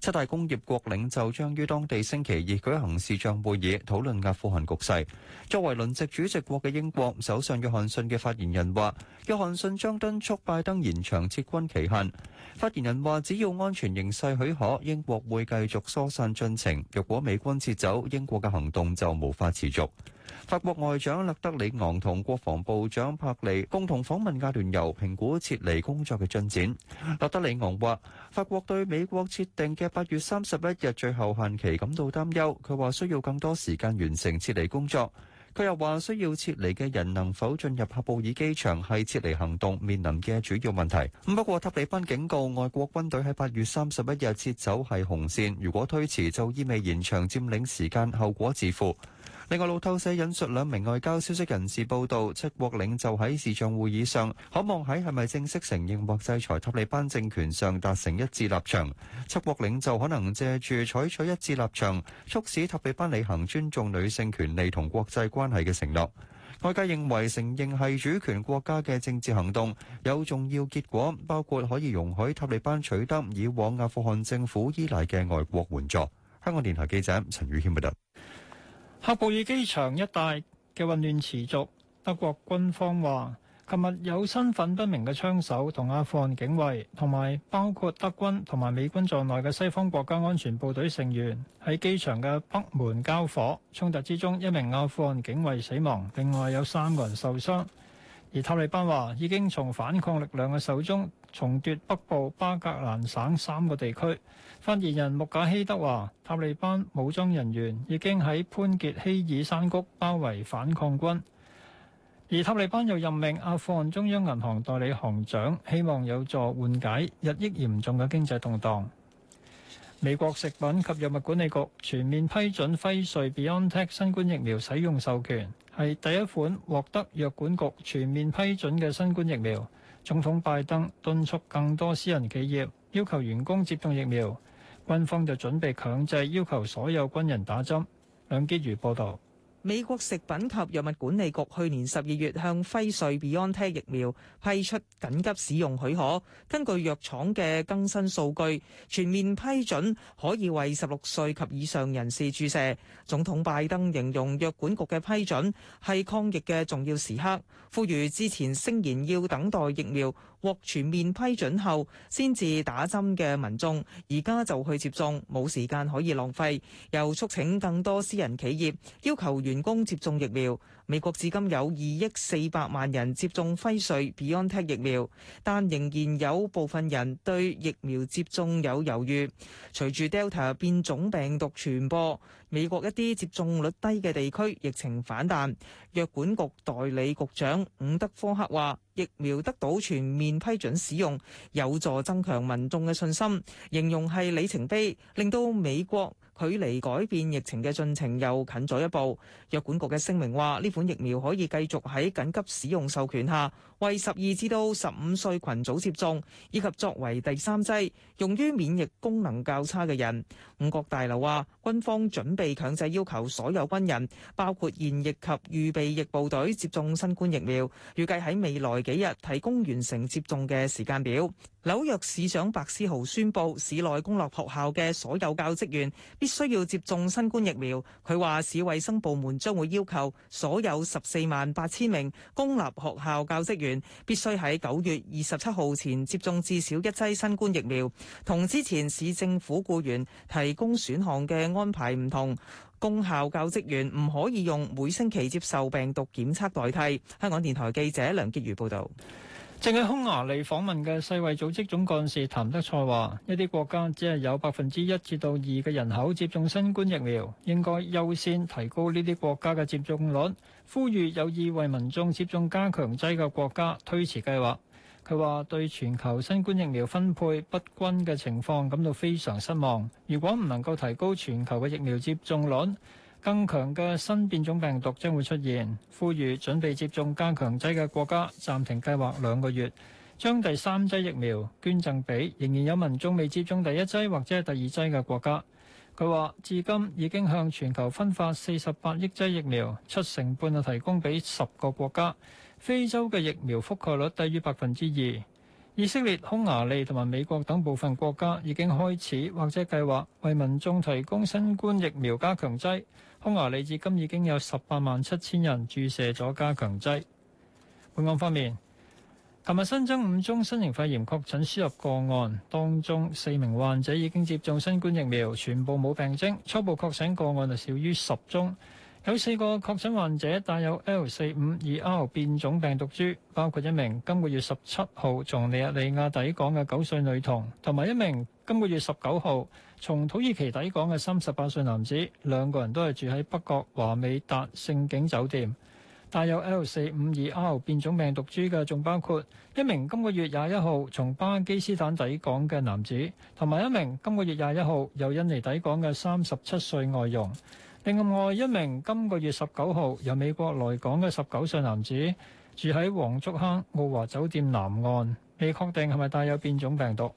七大工業國領袖將於當地星期二舉行視像會議，討論阿富汗局勢。作為輪值主席國嘅英國，首相約翰遜嘅發言人話：約翰遜將敦促拜登延長撤軍期限。發言人話：只要安全形勢許可，英國會繼續疏散進程。若果美軍撤走，英國嘅行動就無法持續。法國外長勒德里昂同國防部長帕利共同訪問阿聯酋，評估撤離工作嘅進展。勒德里昂話：法國對美國設定嘅八月三十一日最後限期感到擔憂，佢話需要更多時間完成撤離工作。佢又話：需要撤離嘅人能否進入喀布爾機場係撤離行動面臨嘅主要問題。咁不過塔利班警告外國軍隊喺八月三十一日撤走係紅線，如果推遲就意味延長佔領時間，後果自負。另外，路透社引述兩名外交消息人士報道，七國領袖喺視像會議上，可望喺係咪正式承認或制裁塔利班政權上達成一致立場。七國領袖可能借住採取一致立場，促使塔利班履行尊重女性權利同國際關係嘅承諾。外界認為承認係主權國家嘅政治行動，有重要結果，包括可以容許塔利班取得以往阿富汗政府依賴嘅外國援助。香港電台記者陳宇軒報道。喀布爾機場一帶嘅混亂持續。德國軍方話，琴日有身份不明嘅槍手同阿富汗警衛，同埋包括德軍同埋美軍在內嘅西方國家安全部隊成員喺機場嘅北門交火衝突之中，一名阿富汗警衛死亡，另外有三個人受傷。而塔利班話已經從反抗力量嘅手中重奪北部巴格蘭省三個地區。發言人穆賈希德話，塔利班武裝人員已經喺潘傑希爾山谷包圍反抗軍，而塔利班又任命阿富汗中央銀行代理行長，希望有助緩解日益嚴重嘅經濟動盪。美國食品及藥物管理局全面批准輝瑞 BioNTech 新冠疫苗使用授權，係第一款獲得藥管局全面批准嘅新冠疫苗。總統拜登敦促更多私人企業要求員工接種疫苗，軍方就準備強制要求所有軍人打針。兩機如報導。美國食品及藥物管理局去年十二月向輝瑞、BioNTech 疫苗批出緊急使用許可。根據藥廠嘅更新數據，全面批准可以為十六歲及以上人士注射。總統拜登形容藥管局嘅批准係抗疫嘅重要時刻，呼籲之前聲言要等待疫苗獲全面批准後，先至打針嘅民眾，而家就去接種，冇時間可以浪費，又促請更多私人企業要求員工接種疫苗。美國至今有二億四百萬人接種輝瑞、BioNTech 疫苗，但仍然有部分人對疫苗接種有猶豫。隨住 Delta 變種病毒傳播，美國一啲接種率低嘅地區疫情反彈。藥管局代理局長伍德科克話：疫苗得到全面批准使用，有助增強民眾嘅信心，形容係里程碑，令到美國。距離改變疫情嘅進程又近咗一步。藥管局嘅聲明話，呢款疫苗可以繼續喺緊急使用授權下，為十二至到十五歲群組接種，以及作為第三劑，用於免疫功能較差嘅人。五角大樓話。軍方準備強制要求所有軍人，包括現役及預備役部隊接種新冠疫苗。預計喺未來幾日提供完成接種嘅時間表。紐約市長白思豪宣布，市內公立學校嘅所有教職員必須要接種新冠疫苗。佢話，市衛生部門將會要求所有十四萬八千名公立學校教職員必須喺九月二十七號前接種至少一劑新冠疫苗，同之前市政府僱員提供選項嘅安排唔同，公校教職員唔可以用每星期接受病毒檢測代替。香港電台記者梁潔如報道，正喺匈牙利訪問嘅世衛組織總幹事譚德塞話，一啲國家只係有百分之一至到二嘅人口接種新冠疫苗，應該優先提高呢啲國家嘅接種率，呼籲有意為民眾接種加強劑嘅國家推遲計劃。佢話對全球新冠疫苗分配不均嘅情況感到非常失望。如果唔能夠提高全球嘅疫苗接種率，更強嘅新變種病毒將會出現。呼籲準備接種加強劑嘅國家暫停計劃兩個月，將第三劑疫苗捐贈俾仍然有民眾未接種第一劑或者係第二劑嘅國家。佢話至今已經向全球分發四十八億劑疫苗，七成半係提供俾十個國家。非洲嘅疫苗覆蓋率低於百分之二，以色列、匈牙利同埋美國等部分國家已經開始或者計劃為民眾提供新冠疫苗加強劑。匈牙利至今已經有十八萬七千人注射咗加強劑。本港方面，琴日新增五宗新型肺炎確診輸入個案，當中四名患者已經接種新冠疫苗，全部冇病徵，初步確診個案就少於十宗。有四個確診患者帶有 L 四五二 R 變種病毒株，包括一名今個月十七號從尼日利亞抵港嘅九歲女童，同埋一名今個月十九號從土耳其抵港嘅三十八歲男子。兩個人都係住喺北角華美達盛景酒店。帶有 L 四五二 R 變種病毒株嘅，仲包括一名今個月廿一號從巴基斯坦抵港嘅男子，同埋一名今個月廿一號由印尼抵港嘅三十七歲外傭。另外一名今個月十九號由美國來港嘅十九歲男子，住喺黃竹坑奧華酒店南岸，未確定係咪帶有變種病毒。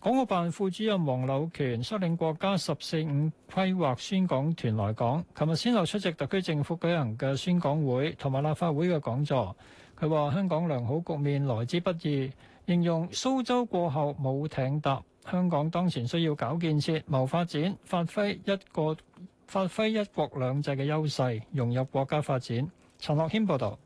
港澳辦副主任黃柳權率領國家十四五規劃宣講團來港，琴日先後出席特區政府舉行嘅宣講會同埋立法會嘅講座。佢話香港良好局面來之不易，形容蘇州過後冇艇搭，香港當前需要搞建設、謀發展，發揮一個。發揮一國兩制嘅優勢，融入國家發展。陳樂軒報導，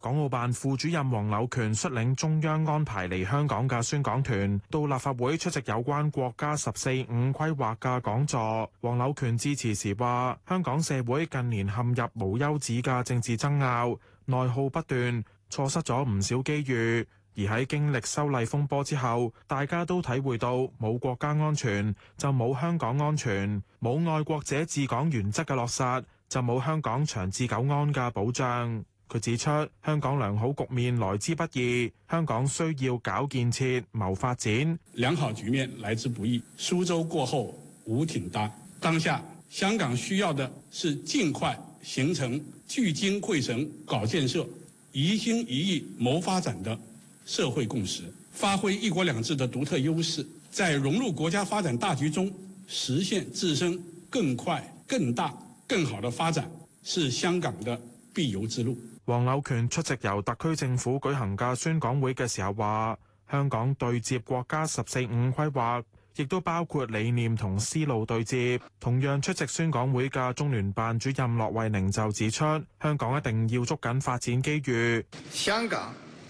港澳辦副主任黃柳權率領中央安排嚟香港嘅宣講團到立法會出席有關國家十四五規劃嘅講座。黃柳權致辭時話：香港社會近年陷入無休止嘅政治爭拗，內耗不斷，錯失咗唔少機遇。而喺經歷修例風波之後，大家都體會到冇國家安全就冇香港安全，冇愛國者治港原則嘅落實就冇香港長治久安嘅保障。佢指出，香港良好局面來之不易，香港需要搞建設、謀發展。良好局面來之不易，蘇州過後無艇搭。當下香港需要嘅係盡快形成聚精會神搞建設、一心一意謀發展的社會共識，發揮一國兩制的獨特優勢，在融入國家發展大局中實現自身更快、更大、更好的發展，是香港的必由之路。黃柳權出席由特區政府舉行嘅宣講會嘅時候話：香港對接國家十四五規劃，亦都包括理念同思路對接。同樣出席宣講會嘅中聯辦主任駱惠寧就指出，香港一定要捉緊發展機遇。香港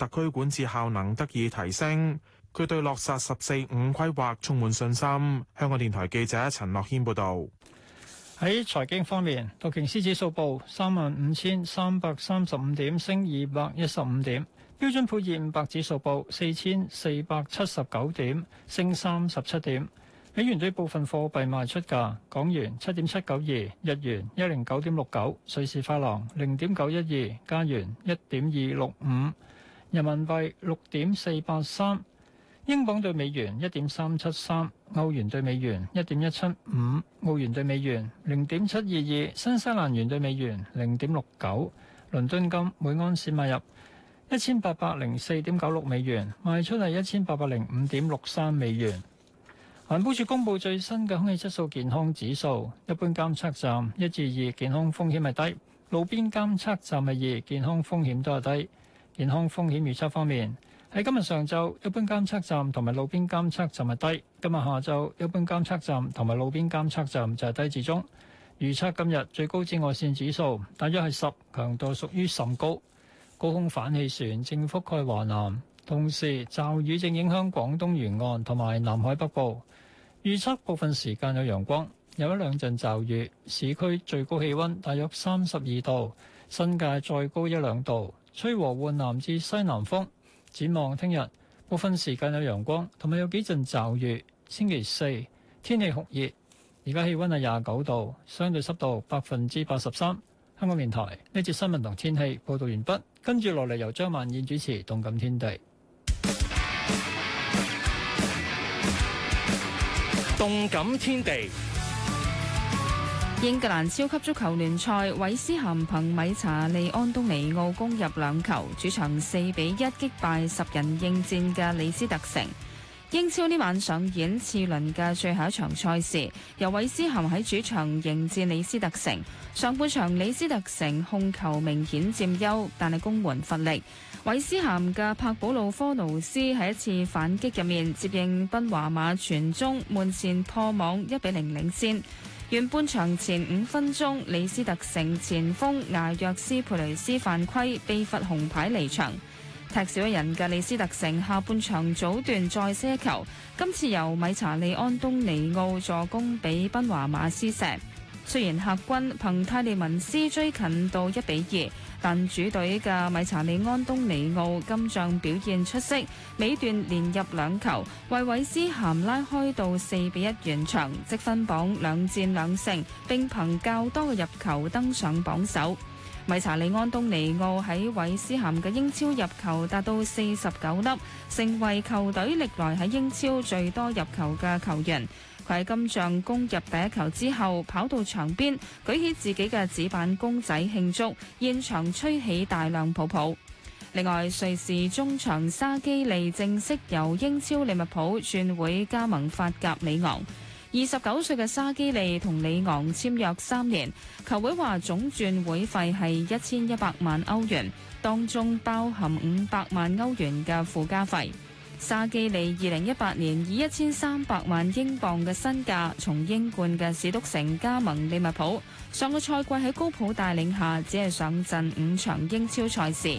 特區管治效能得以提升，佢對落實十四五規劃充滿信心。香港電台記者陳樂軒報導。喺財經方面，道瓊斯指數報三萬五千三百三十五點，升二百一十五點；標準普爾五百指數報四千四百七十九點，升三十七點。美元對部分貨幣賣出價：港元七點七九二，日元一零九點六九，瑞士法郎零點九一二，加元一點二六五。人民幣六點四八三，英鎊對美元一點三七三，歐元對美元一點一七五，澳元對美元零點七二二，新西蘭元對美元零點六九。倫敦金每安士買入一千八百零四點九六美元，賣出係一千八百零五點六三美元。環保署公布最新嘅空氣質素健康指數，一般監測站一至二健康風險係低，路邊監測站係二健康風險都係低。健康風險預測方面，喺今日上晝一般監測站同埋路邊監測站係低；今日下晝一般監測站同埋路邊監測站就係低至中。預測今日最高紫外線指數大約係十，強度屬於甚高。高空反氣旋正覆蓋華南，同時驟雨正影響廣東沿岸同埋南海北部。預測部分時間有陽光，有一兩陣驟雨。市區最高氣溫大約三十二度，新界再高一兩度。吹和緩南至西南風。展望聽日，部分時間有陽光，同埋有幾陣驟雨。星期四天氣酷熱，而家氣温係廿九度，相對濕度百分之八十三。香港電台呢節新聞同天氣報道完畢，跟住落嚟由張曼燕主持《動感天地》。《動感天地》英格蘭超級足球聯賽，韋斯咸憑米查利安東尼奧攻入兩球，主場四比一擊敗十人應戰嘅里斯特城。英超呢晚上演次輪嘅最後一場賽事，由韋斯咸喺主場迎戰里斯特城。上半場里斯特城控球明顯佔優，但係攻門乏力。韋斯咸嘅柏保路科奴斯喺一次反擊入面接應賓華馬傳中，門前破網一比零領先。半場前五分鐘，里斯特城前鋒亞約斯佩雷斯犯規，被罰紅牌離場，踢少一人嘅里斯特城下半場早段再射一球，今次由米查利安東尼奧助攻俾賓華馬斯射，雖然客軍憑泰利文斯追近到一比二。但主隊嘅米查利安東尼奧今仗表現出色，尾段連入兩球，為韋斯咸拉開到四比一完場，積分榜兩戰兩勝，並憑較多嘅入球登上榜首。米查利安東尼奧喺韋斯咸嘅英超入球達到四十九粒，成為球隊歷來喺英超最多入球嘅球員。喺金像攻入第一球之後，跑到場邊舉起自己嘅紙板公仔慶祝，現場吹起大量泡泡。另外，瑞士中場沙基利正式由英超利物浦轉會加盟法甲里昂。二十九歲嘅沙基利同里昂簽約三年，球會話總轉會費係一千一百萬歐元，當中包含五百萬歐元嘅附加費。沙基利二零一八年以一千三百萬英鎊嘅身價從英冠嘅史篤城加盟利物浦，上個賽季喺高普帶領下，只係上陣五場英超賽事。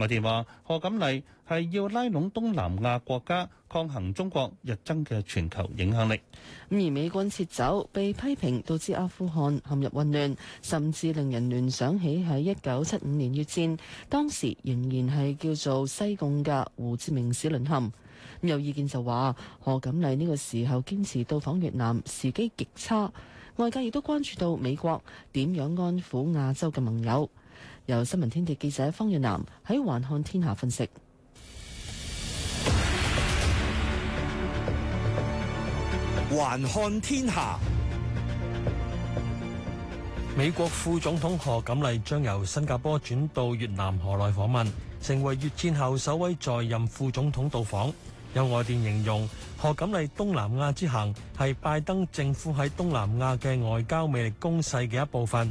外電話，賀錦麗係要拉攏東南亞國家抗衡中國日增嘅全球影響力。咁而美軍撤走被批評導致阿富汗陷入混亂，甚至令人聯想起喺一九七五年越戰，當時仍然係叫做西貢嘅胡志明市淪陷。咁有意見就話，賀錦麗呢個時候堅持到訪越南時機極差。外界亦都關注到美國點樣安撫亞洲嘅盟友。由新聞天地記者方若南喺環看天下分析。環看天下，美國副總統賀錦麗將由新加坡轉到越南河內訪問，成為越戰後首位在任副總統到訪。有外電形容，賀錦麗東南亞之行係拜登政府喺東南亞嘅外交魅力攻勢嘅一部分。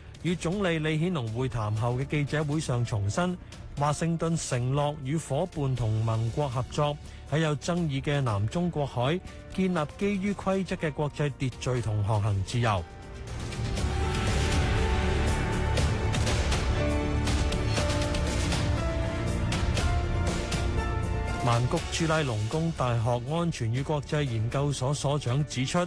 與總理李顯龍會談後嘅記者會上重申，華盛頓承諾與伙伴同盟國合作，喺有爭議嘅南中國海建立基於規則嘅國際秩序同航行自由。曼谷朱拉隆功大學安全與國際研究所所長指出，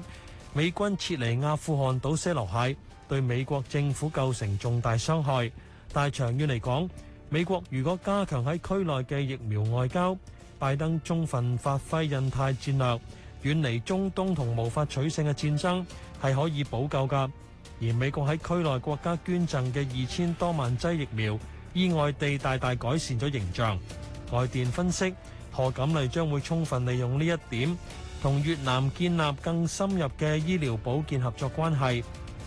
美軍撤離阿富汗倒瀉籮蟹。對美國政府構成重大傷害，但長遠嚟講，美國如果加強喺區內嘅疫苗外交，拜登充分發揮印太戰略，遠離中東同無法取勝嘅戰爭，係可以補救㗎。而美國喺區內國家捐贈嘅二千多萬劑疫苗，意外地大大改善咗形象。外電分析，賀錦麗將會充分利用呢一點，同越南建立更深入嘅醫療保健合作關係。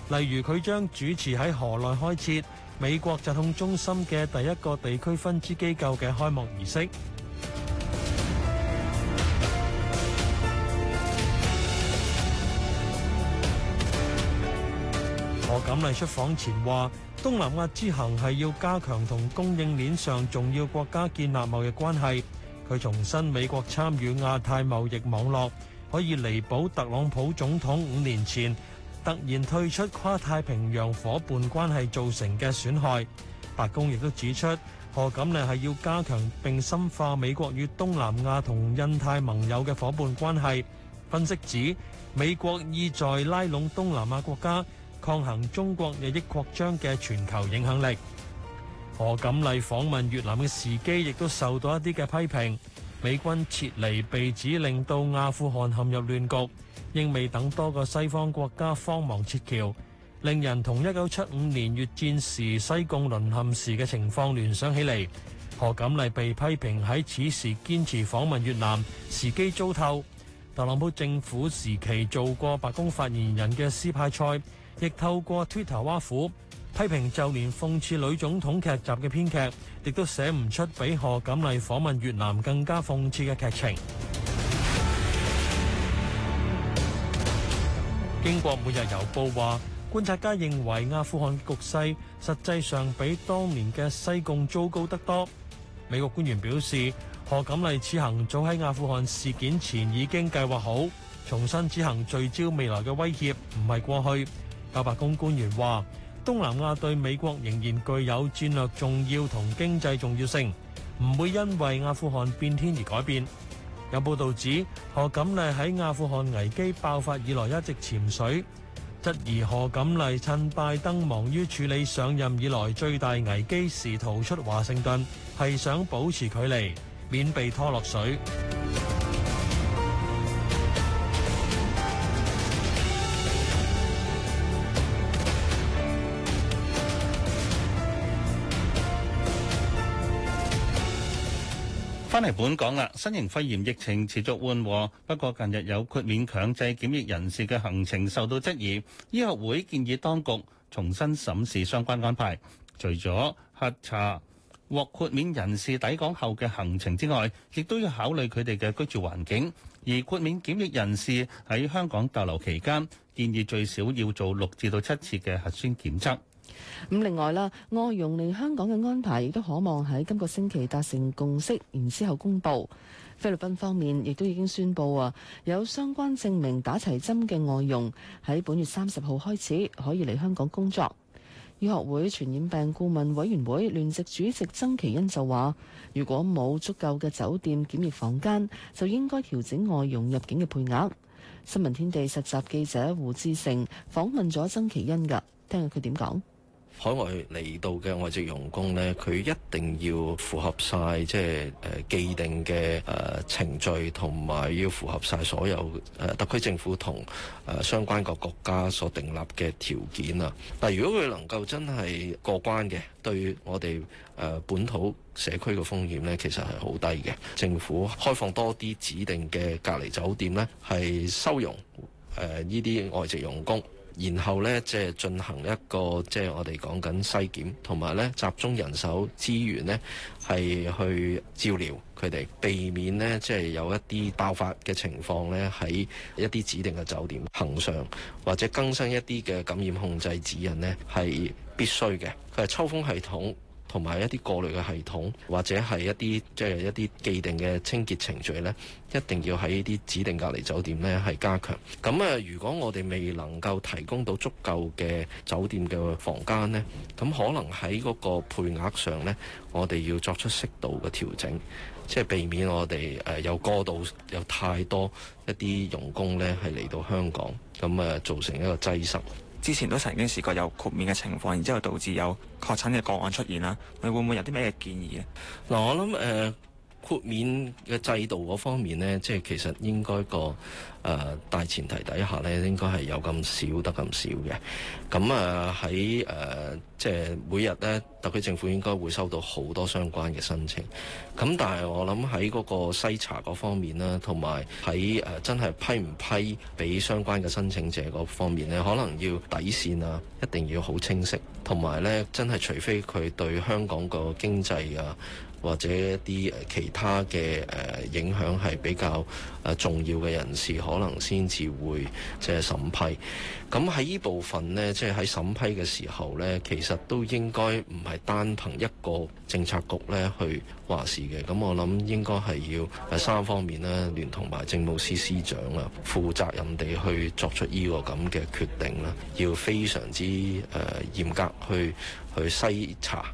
例如佢將主持喺河內開設美國疾控中心嘅第一個地區分支機構嘅開幕儀式。賀錦麗出訪前話，東南亞之行係要加強同供應鏈上重要國家建立貿易關係。佢重申美國參與亞太貿易網絡可以彌補特朗普總統五年前。突然退出跨太平洋夥伴關係，造成嘅損害。白宮亦都指出何錦麗係要加強並深化美國與東南亞同印太盟友嘅夥伴關係。分析指美國意在拉攏東南亞國家抗衡中國日益擴張嘅全球影響力。何錦麗訪問越南嘅時機亦都受到一啲嘅批評，美軍撤離被指令到阿富汗陷入亂局。英美等多個西方國家慌忙撤僑，令人同一九七五年越戰時西貢淪陷時嘅情況聯想起嚟。賀錦麗被批評喺此時堅持訪問越南，時機糟透。特朗普政府時期做過白宮發言人嘅斯派賽，亦透過 Twitter 挖苦，批評就連諷刺女總統劇集嘅編劇，亦都寫唔出比賀錦麗訪問越南更加諷刺嘅劇情。英國每日郵報話，觀察家認為阿富汗局勢實際上比當年嘅西貢糟糕得多。美國官員表示，賀錦麗此行早喺阿富汗事件前已經計劃好，重新執行聚焦未來嘅威脅，唔係過去。九白宮官員話，東南亞對美國仍然具有戰略重要同經濟重要性，唔會因為阿富汗變天而改變。有報道指賀錦麗喺阿富汗危機爆發以來一直潛水，質疑賀錦麗趁拜登忙於處理上任以來最大危機時逃出華盛頓，係想保持距離，免被拖落水。翻嚟本港啦，新型肺炎疫情持續緩和，不過近日有豁免強制檢疫人士嘅行程受到質疑，醫學會建議當局重新審視相關安排。除咗核查獲豁免人士抵港後嘅行程之外，亦都要考慮佢哋嘅居住環境。而豁免檢疫人士喺香港逗留期間，建議最少要做六至到七次嘅核酸檢測。咁另外啦，外傭嚟香港嘅安排亦都可望喺今個星期達成共識，然之後公布。菲律賓方面亦都已經宣布啊，有相關證明打齊針嘅外傭喺本月三十號開始可以嚟香港工作。醫學會傳染病顧問委員會聯席主席曾其恩就話，如果冇足夠嘅酒店檢疫房間，就應該調整外傭入境嘅配額。新聞天地實習記者胡志成訪問咗曾其恩㗎，聽下佢點講。海外嚟到嘅外籍用工呢，佢一定要符合晒，即係、呃、既定嘅、呃、程序，同埋要符合晒所有、呃、特區政府同、呃、相關個國家所訂立嘅條件啊！但如果佢能夠真係過關嘅，對我哋、呃、本土社區嘅風險呢，其實係好低嘅。政府開放多啲指定嘅隔離酒店呢，係收容呢啲、呃、外籍用工。然後咧，即係進行一個即係、就是、我哋講緊篩檢，同埋咧集中人手資源咧，係去照料佢哋，避免咧即係有一啲爆發嘅情況咧喺一啲指定嘅酒店行上，或者更新一啲嘅感染控制指引咧係必須嘅。佢係抽風系統。同埋一啲過濾嘅系統，或者係一啲即係一啲既定嘅清潔程序呢，一定要喺啲指定隔離酒店呢係加強。咁啊，如果我哋未能夠提供到足夠嘅酒店嘅房間呢，咁可能喺嗰個配額上呢，我哋要作出適度嘅調整，即係避免我哋誒有過度、有太多一啲傭工呢係嚟到香港，咁啊造成一個擠塞。之前都曾經試過有豁免嘅情況，然之後導致有確診嘅個案出現啦。你會唔會有啲咩建議啊？嗱，我、呃、諗豁免嘅制度嗰方面咧，即係其實應該個誒、呃、大前提底下咧，應該係有咁少得咁少嘅。咁啊喺誒即係每日咧，特區政府應該會收到好多相關嘅申請，咁但係我諗喺嗰個篩查嗰方面啦，同埋喺誒真係批唔批俾相關嘅申請者嗰方面咧，可能要底線啊，一定要好清晰。同埋咧，真係除非佢對香港個經濟啊～或者一啲其他嘅誒，影響係比較重要嘅人士可能先至會即係審批，咁喺呢部分咧，即係喺審批嘅時候咧，其實都應該唔係單憑一個政策局咧去話事嘅，咁我諗應該係要誒三方面咧聯同埋政務司司長啊，負責任地去作出呢個咁嘅決定啦，要非常之誒嚴格去去篩查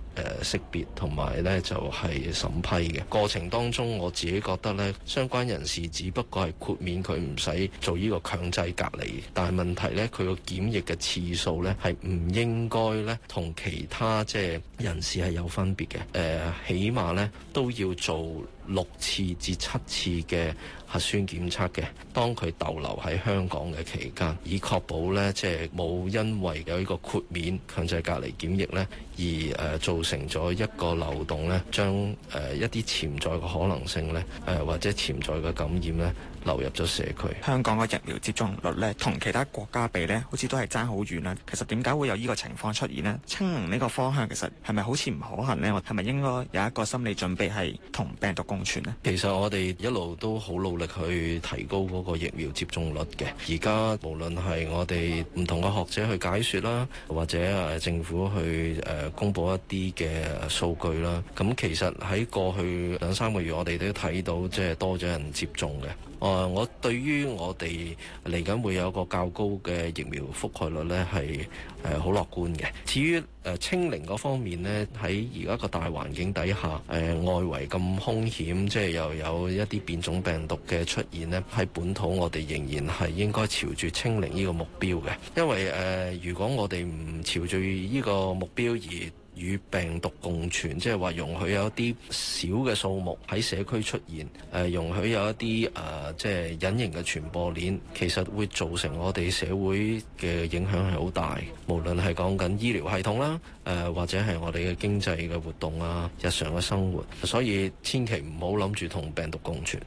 誒識別同埋咧就係審批嘅過程當中，我自己覺得咧相關人士只不個係豁免佢唔使做呢個強制隔離，但係問題呢，佢個檢疫嘅次數呢，係唔應該呢同其他即係人士係有分別嘅。誒、呃，起碼呢都要做。六次至七次嘅核酸檢測嘅，當佢逗留喺香港嘅期間，以確保咧，即係冇因為有呢個豁免強制隔離檢疫咧，而誒、呃、造成咗一個漏洞咧，將誒、呃、一啲潛在嘅可能性咧，誒、呃、或者潛在嘅感染咧。流入咗社區。香港嘅疫苗接種率咧，同其他國家比咧，好似都係爭好遠啦。其實點解會有呢個情況出現呢？清零呢個方向其實係咪好似唔可行呢？我係咪應該有一個心理準備，係同病毒共存呢？其實我哋一路都好努力去提高嗰個疫苗接種率嘅。而家無論係我哋唔同嘅學者去解説啦，或者啊政府去誒公佈一啲嘅數據啦，咁其實喺過去兩三個月，我哋都睇到即係多咗人接種嘅。誒，我對於我哋嚟緊會有一個較高嘅疫苗覆蓋率呢，係誒好樂觀嘅。至於誒清零嗰方面呢，喺而家個大環境底下，誒、呃、外圍咁兇險，即係又有一啲變種病毒嘅出現呢，喺本土我哋仍然係應該朝住清零呢個目標嘅。因為誒、呃，如果我哋唔朝住呢個目標而與病毒共存，即係話容許有一啲小嘅數目喺社區出現，誒容許有一啲誒、呃、即係隱形嘅傳播鏈，其實會造成我哋社會嘅影響係好大，無論係講緊醫療系統啦，誒、呃、或者係我哋嘅經濟嘅活動啊，日常嘅生活，所以千祈唔好諗住同病毒共存。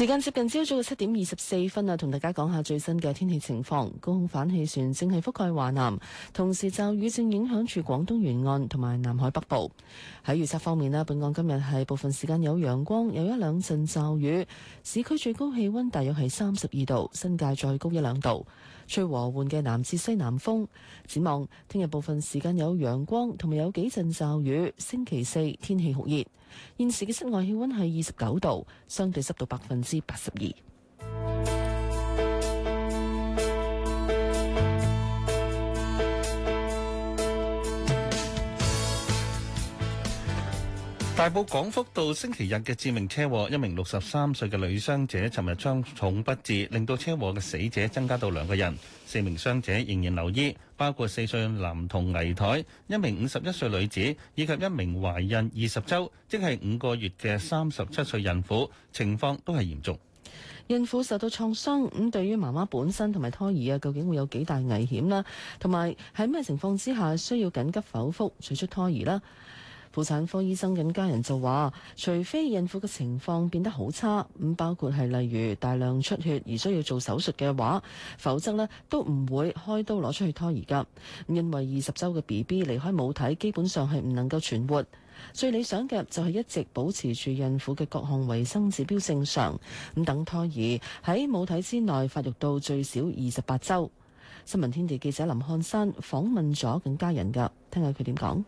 時間接近朝早嘅七點二十四分啊，同大家講下最新嘅天氣情況。高空反氣旋正係覆蓋華南，同時驟雨正影響住廣東沿岸同埋南海北部。喺預測方面咧，本港今日係部分時間有陽光，有一兩陣驟雨。市區最高氣溫大約係三十二度，新界再高一兩度。吹和緩嘅南至西南風，展望聽日部分時間有陽光，同埋有幾陣驟雨。星期四天氣酷熱，現時嘅室外氣溫係二十九度，相對濕度百分之八十二。大埔廣福道星期日嘅致命車禍，一名六十三歲嘅女傷者尋日傷重不治，令到車禍嘅死者增加到兩個人。四名傷者仍然留醫，包括四歲男童危殆，一名五十一歲女子以及一名懷孕二十週，即係五個月嘅三十七歲孕婦，情況都係嚴重。孕婦受到創傷，咁對於媽媽本身同埋胎兒啊，究竟會有幾大危險啦？同埋喺咩情況之下需要緊急剖腹取出胎兒啦？婦產科醫生跟家人就話：除非孕婦嘅情況變得好差，咁包括係例如大量出血而需要做手術嘅話，否則呢都唔會開刀攞出去胎兒㗎。因為二十週嘅 BB 離開母體基本上係唔能夠存活。最理想嘅就係一直保持住孕婦嘅各項維生指標正常，咁等胎兒喺母體之內發育到最少二十八週。新聞天地記者林漢山訪問咗跟家人㗎，聽下佢點講。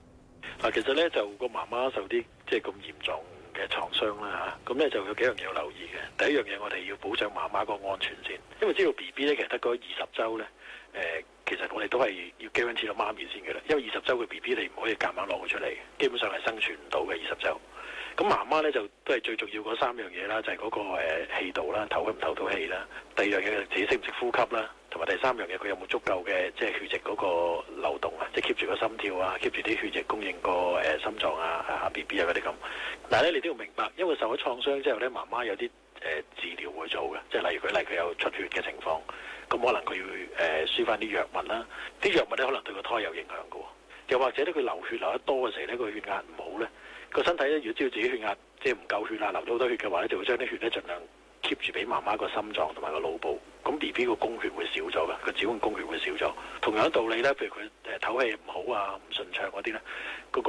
嗱，其實咧就個媽媽受啲即係咁嚴重嘅創傷啦吓，咁、啊、咧就有幾樣嘢要留意嘅。第一樣嘢我哋要保障媽媽個安全先，因為知道 B B 咧其實得嗰二十周咧，誒、呃，其實我哋都係要驚險至到媽咪先嘅啦。因為二十周嘅 B B 你唔可以夾硬攞佢出嚟，基本上係生存唔到嘅二十周。咁媽媽咧就都係最重要嗰三樣嘢啦，就係、是、嗰、那個誒氣道啦，唞、呃、唞唔唞到氣啦，第二樣嘢係自己識唔識呼吸啦。同埋第三樣嘢，佢有冇足夠嘅即係血液嗰個流動啊？即係 keep 住個心跳啊，keep 住啲血液供應個誒心臟啊、B B 啊嗰啲咁。但係咧、啊，你都要明白，因為受咗創傷之後咧，媽媽有啲誒、呃、治療會做嘅，即係例如佢例如佢有出血嘅情況，咁可能佢要誒、呃、輸翻啲藥物啦，啲藥物咧可能對個胎有影響嘅喎。又或者咧，佢流血流得多嘅時候咧，個血壓唔好咧，個身體咧如果知道自己血壓即係唔夠血啊，流咗好多血嘅話咧，就會將啲血咧儘量 keep 住俾媽媽個心臟同埋個腦部，咁 B B 個供血會少咗嘅，佢子宮供血會少咗。同樣道理呢，譬如佢誒透氣唔好啊，唔順暢嗰啲呢，嗰、嗰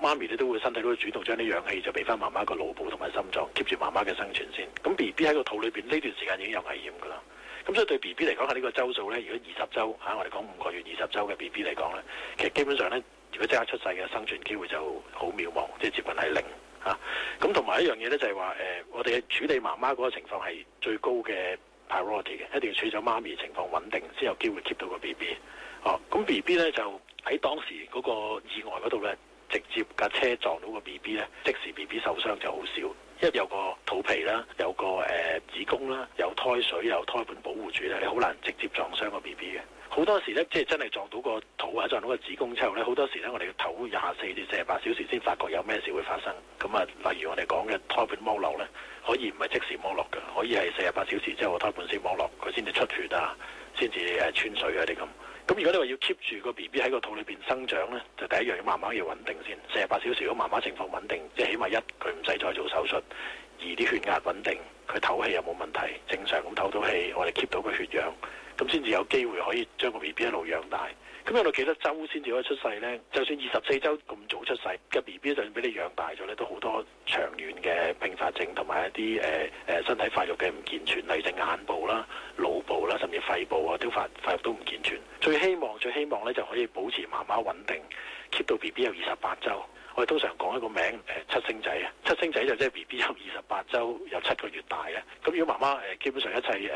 個媽咪咧都會身體都會主動將啲氧氣就俾翻媽媽個腦部同埋心臟，keep 住媽媽嘅生存先。咁 B B 喺個肚裏邊呢段時間已經有危險噶啦。咁所以對 B B 嚟講，喺呢個週數呢，如果二十週嚇、啊，我哋講五個月二十週嘅 B B 嚟講呢，其實基本上呢，如果即刻出世嘅生存機會就好渺茫，即、就、係、係、接近係零。啊，咁同埋一樣嘢咧，就係話誒，我哋處理媽媽嗰個情況係最高嘅 priority 嘅，一定要處理咗媽咪情況穩定先有機會 keep 到個 B B。哦、啊，咁 B B 咧就喺當時嗰個意外嗰度咧，直接架車撞到個 B B 咧，即時 B B 受傷就好少，因為有個肚皮啦，有個誒子宮啦，有胎水有胎盤保護住咧，你好難直接撞傷個 B B 嘅。好多時咧，即係真係撞到個肚啊，撞到個子宮之後咧，好多時咧，我哋要唞廿四至四十八小時先發覺有咩事會發生。咁啊，例如我哋講嘅胎盤剝落咧，可以唔係即時剝落嘅，可以係四十八小時之後胎盤先剝落，佢先至出血啊，先至誒穿水啊啲咁。咁如果你話要 keep 住個 B B 喺個肚裏邊生長咧，就第一樣要慢慢要穩定先。四十八小時如果慢慢情況穩定，即係起碼一，佢唔使再做手術；二啲血壓穩定，佢唞氣又冇問題，正常咁唞到氣，我哋 keep 到個血氧。咁先至有機會可以將個 B B 一路養大。咁養到幾多周先至可以出世呢？就算二十四周咁早出世個 B B，就算俾你養大咗咧，都好多長遠嘅併發症同埋一啲誒誒身體發育嘅唔健全，例如隻眼部啦、腦部啦，甚至肺部啊，都發發育都唔健全。最希望最希望呢就可以保持媽媽穩定，keep 到 B B 有二十八周。我哋通常講一個名誒七星仔啊，七星仔就即係 B B 有二十八週有七個月大嘅，咁如果媽媽誒基本上一切誒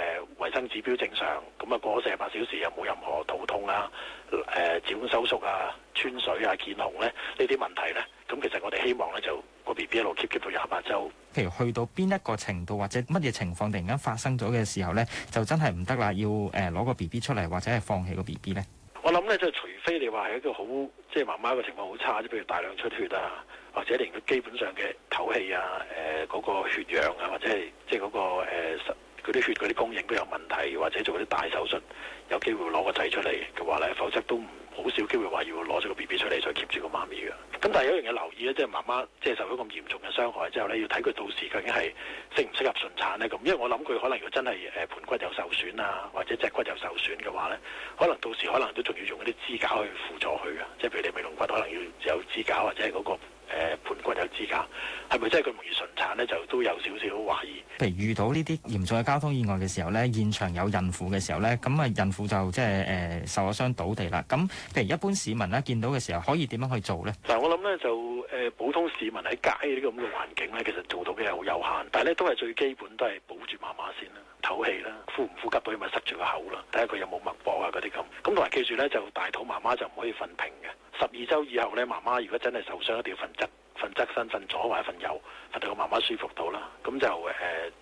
衞生指標正常，咁啊過咗四十八小時又冇任何肚痛啊、誒子宮收縮啊、穿水啊、見紅咧呢啲問題咧，咁其實我哋希望咧就個 B B 一路 keep keep 到廿八週。譬如去到邊一個程度或者乜嘢情況突然間發生咗嘅時候咧，就真係唔得啦，要誒攞個 B B 出嚟或者係放棄個 B B 咧？我諗咧，就除非你話係一個好，即係媽媽嘅情況好差，即譬如大量出血啊，或者連佢基本上嘅唞氣啊，誒、呃、嗰、那個血氧啊，或者係即係、那、嗰個誒啲、呃、血嗰啲供應都有問題，或者做啲大手術有機會攞個仔出嚟嘅話咧，否則都唔。好少機會話要攞咗個 B B 出嚟再 keep 住個媽咪嘅，咁但係有樣嘢留意咧，即係媽媽即係受咗咁嚴重嘅傷害之後咧，要睇佢到時究竟經係適唔適合順產咧。咁因為我諗佢可能如果真係誒盤骨有受損啊，或者脊骨有受損嘅話咧，可能到時可能都仲要用一啲支架去輔助佢嘅，即係譬如你尾龍骨可能要有支架或者係、那、嗰個。誒盤骨有支架，係咪真係佢容易順產咧？就都有少少懷疑。譬如遇到呢啲嚴重嘅交通意外嘅時候咧，現場有孕婦嘅時候咧，咁啊孕婦就即係誒受咗傷倒地啦。咁譬如一般市民咧見到嘅時候，可以點樣去做咧？嗱、呃，我諗咧就誒、呃、普通市民喺街呢個咁嘅環境咧，其實做到嘅係好有限，但係咧都係最基本都係保住媽媽先啦。唞氣啦，呼唔呼吸到咪塞住個口啦，睇下佢有冇脈搏啊嗰啲咁，咁同埋記住咧，就大肚媽媽就唔可以瞓平嘅，十二週以後咧，媽媽如果真係受傷一定要瞓側。瞓側身、瞓左或者瞓右，令到個媽媽舒服到啦。咁、嗯、就誒，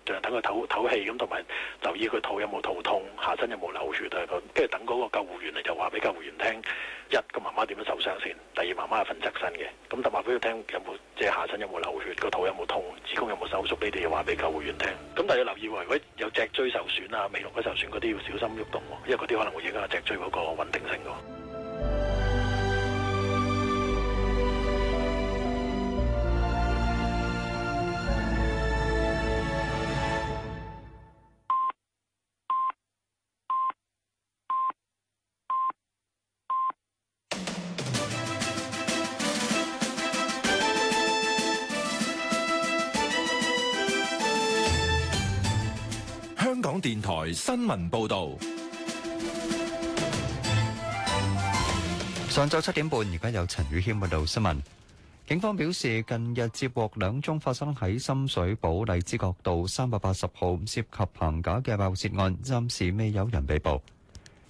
盡量等佢唞唞氣，咁同埋留意佢肚有冇肚痛，下身有冇流血都咁。跟住等嗰個救護員嚟就話俾救護員聽：一個媽媽點樣受傷先？第二媽媽係瞓側身嘅，咁就話俾佢聽有冇即係下身有冇流血，個肚有冇痛，子宮有冇收縮？呢啲要話俾救護員聽。咁但係要留意喎，如果有脊椎受損啊、尾龍骨受損嗰啲要小心喐動喎，因為嗰啲可能會影響脊椎嗰個穩定性㗎。港電台新聞報道：上晝七點半，而家有陳宇謙報道新聞。警方表示，近日接獲兩宗發生喺深水埗荔枝角道三百八十號涉及棚架嘅爆竊案，暫時未有人被捕。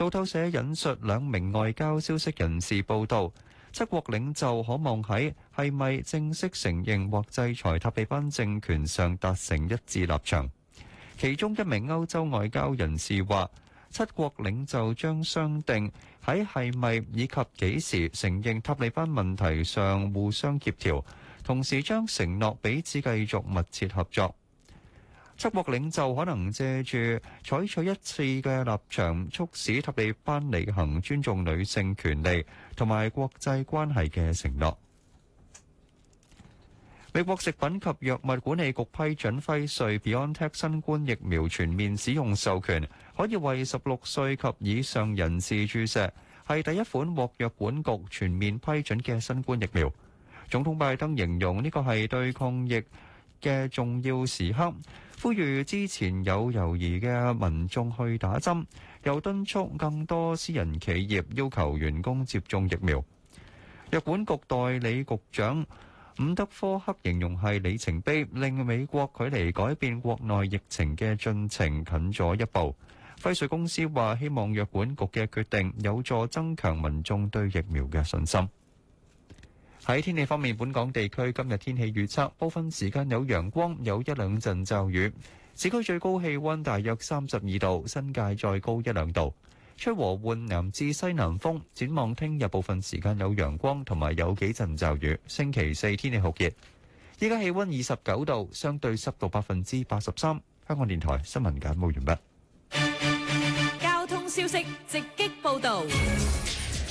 路透社引述兩名外交消息人士報道，七國領袖可望喺係咪正式承認或制裁塔利班政權上達成一致立場，其中一名歐洲外交人士話，七國領袖將商定喺係咪以及幾時承認塔利班問題上互相協調，同時將承諾彼此繼續密切合作。七國領袖可能借住採取一次嘅立場，促使塔利班履行尊重女性權利同埋國際關係嘅承諾。美國食品及藥物管理局批准輝瑞 BioNTech 新冠疫苗全面使用授權，可以為十六歲及以上人士注射，係第一款獲藥管局全面批准嘅新冠疫苗。總統拜登形容呢個係對抗疫嘅重要時刻。呼籲之前有猶豫嘅民眾去打針，又敦促更多私人企業要求員工接種疫苗。藥管局代理局長伍德科克形容係里程碑，令美國距離改變國內疫情嘅進程近咗一步。輝瑞公司話希望藥管局嘅決定有助增強民眾對疫苗嘅信心。喺天氣方面，本港地區今日天氣預測，部分時間有陽光，有一兩陣驟雨。市區最高氣溫大約三十二度，新界再高一兩度。吹和緩南至西南風。展望聽日部分時間有陽光，同埋有幾陣驟雨。星期四天氣酷熱。依家氣溫二十九度，相對濕度百分之八十三。香港電台新聞簡報完畢。交通消息直擊報道。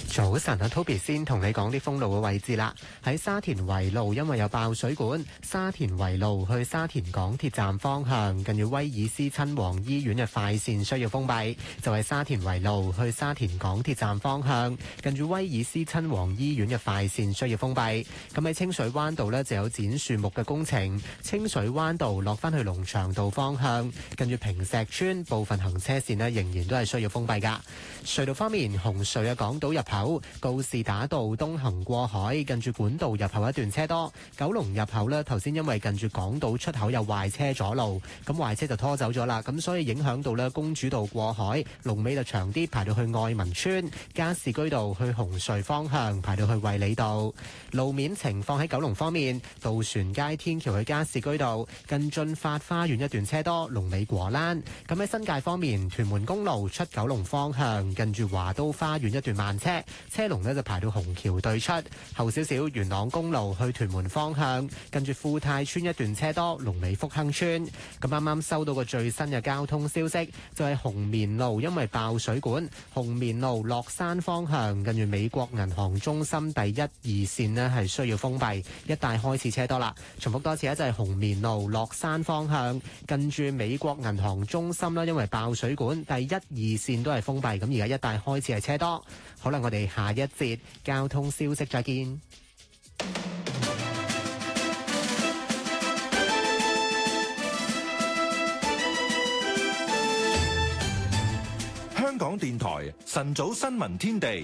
早晨阿、啊、Toby 先同你講啲封路嘅位置啦。喺沙田圍路，因為有爆水管；沙田圍路去沙田港鐵站方向，近住威爾斯親王醫院嘅快線需要封閉。就係、是、沙田圍路去沙田港鐵站方向，近住威爾斯親王醫院嘅快線需要封閉。咁喺清水灣道咧就有剪樹木嘅工程。清水灣道落返去龍翔道方向，近住平石邨部分行車線咧仍然都係需要封閉噶。隧道方面，紅隧嘅港島入口。九告士打道東行過海，近住管道入口一段車多；九龍入口呢，頭先因為近住港島出口有壞車阻路，咁壞車就拖走咗啦，咁所以影響到呢公主道過海，龍尾就長啲，排到去愛民村。加士居道去紅隧方向，排到去衛理道。路面情況喺九龍方面，渡船街天橋去加士居道近駿發花園一段車多，龍尾果欄；咁喺新界方面，屯門公路出九龍方向，近住華都花園一段慢車。車龍呢就排到紅橋對出、後少少元朗公路去屯門方向，跟住富泰村一段車多，龍尾福亨村。咁啱啱收到個最新嘅交通消息，就係紅棉路因為爆水管，紅棉路落山方向跟住美國銀行中心第一二線呢係需要封閉，一帶開始車多啦。重複多次啦，就係紅棉路落山方向跟住美國銀行中心啦，因為爆水管，第一二線都係封閉，咁而家一帶開始係車多。可能我哋。下一節交通消息，再見。香港電台晨早新聞天地，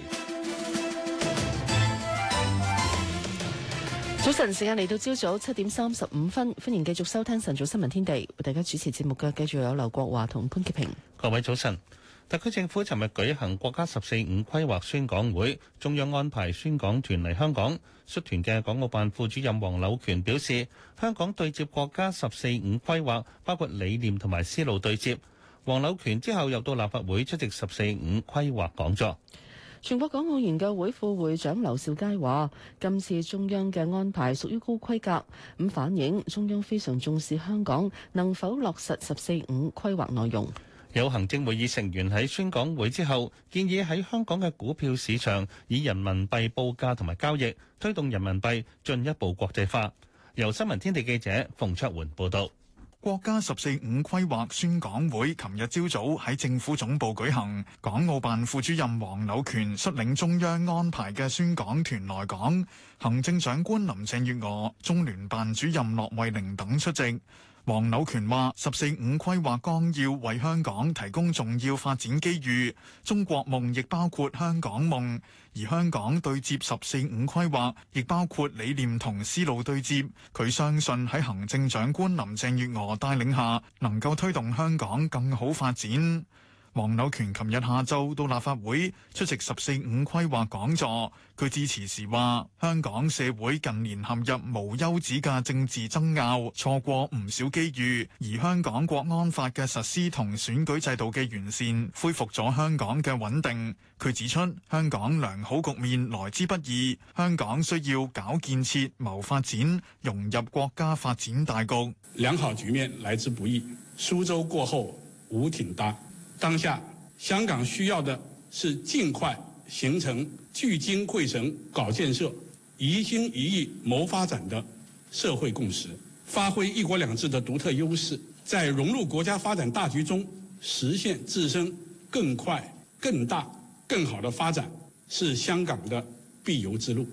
早晨時間嚟到朝早七點三十五分，歡迎繼續收聽晨早新聞天地，為大家主持節目嘅繼續有劉國華同潘潔平，各位早晨。特區政府尋日舉行國家十四五規劃宣講會，中央安排宣講團嚟香港。率團嘅港澳辦副主任黃柳權表示，香港對接國家十四五規劃包括理念同埋思路對接。黃柳權之後又到立法會出席十四五規劃講座。全國港澳研究會副會長劉兆佳話：今次中央嘅安排屬於高規格，咁反映中央非常重視香港能否落實十四五規劃內容。有行政會議成員喺宣講會之後建議喺香港嘅股票市場以人民幣報價同埋交易，推動人民幣進一步國際化。由新聞天地記者馮卓桓報導。國家十四五規劃宣講會琴日朝早喺政府總部舉行，港澳辦副主任黃柳權率領中央安排嘅宣講團來港，行政長官林鄭月娥、中聯辦主任駱惠寧等出席。黃柳權話：十四五規劃綱要為香港提供重要發展機遇，中國夢亦包括香港夢，而香港對接十四五規劃，亦包括理念同思路對接。佢相信喺行政長官林鄭月娥帶領下，能夠推動香港更好發展。王柳權琴日下晝到立法會出席十四五規劃講座，佢致辭時話：香港社會近年陷入無休止嘅政治爭拗，錯過唔少機遇；而香港國安法嘅實施同選舉制度嘅完善，恢復咗香港嘅穩定。佢指出，香港良好局面來之不易，香港需要搞建設、謀發展，融入國家發展大局。良好局面來之不易，蘇州過後無艇搭。當下，香港需要的是盡快形成聚精會神搞建設、一心一意謀發展的社會共識，發揮一國兩制的獨特優勢，在融入國家發展大局中實現自身更快、更大、更好的發展，是香港的必由之路。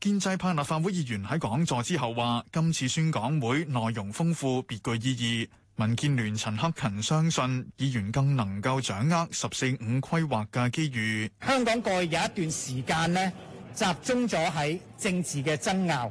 建制派立法會議員喺講座之後話，今次宣講會內容豐富，別具意義。民建聯陳克勤相信議員更能夠掌握十四五規劃嘅機遇。香港過去有一段時間呢，集中咗喺政治嘅爭拗，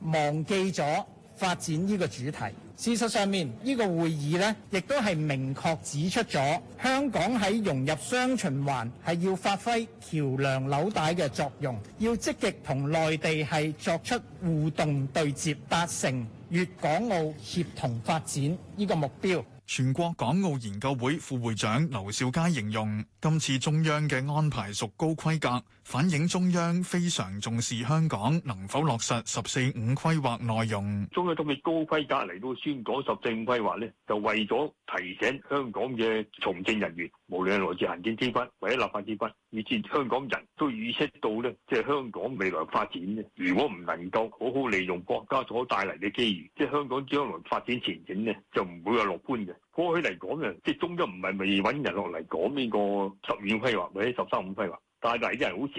忘記咗。發展呢個主題。事實上面呢、呢個會議呢，亦都係明確指出咗香港喺融入雙循環係要發揮橋梁紐帶嘅作用，要積極同內地係作出互動對接，達成粵港澳協同發展呢個目標。全國港澳研究會副會長劉兆佳形容，今次中央嘅安排屬高規格。反映中央非常重視香港能否落實十四五規劃內容。中央今次高規格嚟到宣講十四五規劃咧，就為咗提醒香港嘅從政人員，無論係來自行政機關或者立法機關，以至香港人都意識到咧，即係香港未來發展咧，如果唔能夠好好利用國家所帶嚟嘅機遇，即係香港將來發展前景咧，就唔會有樂觀嘅。過去嚟講嘅，即係中央唔係未穩人落嚟講呢個十二五規劃或者十三五規劃。大大啲人好少，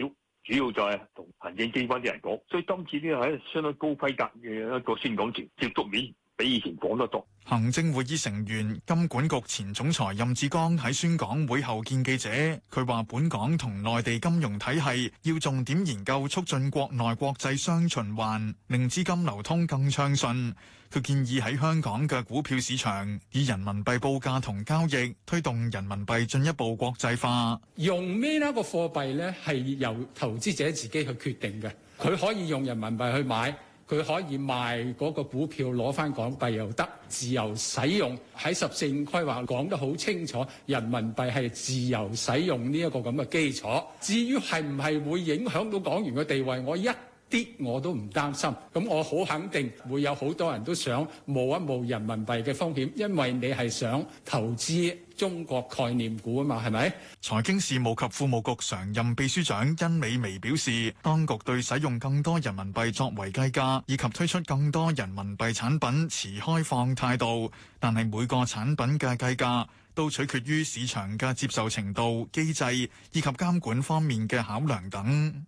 主要就係同行政機關啲人講，所以今次呢個係相當高規格嘅一個宣講接接觸面，比以前講得多。行政會議成員、金管局前總裁任志剛喺宣講會後見記者，佢話：本港同內地金融體系要重點研究促進國內國際雙循環，令資金流通更暢順。佢建議喺香港嘅股票市場以人民幣報價同交易，推動人民幣進一步國際化。用咩？一個貨幣咧，係由投資者自己去決定嘅。佢可以用人民幣去買，佢可以賣嗰個股票攞翻港幣又得，自由使用喺十四年規劃講得好清楚，人民幣係自由使用呢一個咁嘅基礎。至於係唔係會影響到港元嘅地位，我一啲我都唔擔心，咁我好肯定會有好多人都想冒一冒人民幣嘅風險，因為你係想投資中國概念股啊嘛，係咪？財經事務及庫務局常任秘書長甄美薇表示，當局對使用更多人民幣作為計價，以及推出更多人民幣產品持開放態度，但係每個產品嘅計價都取決於市場嘅接受程度、機制以及監管方面嘅考量等。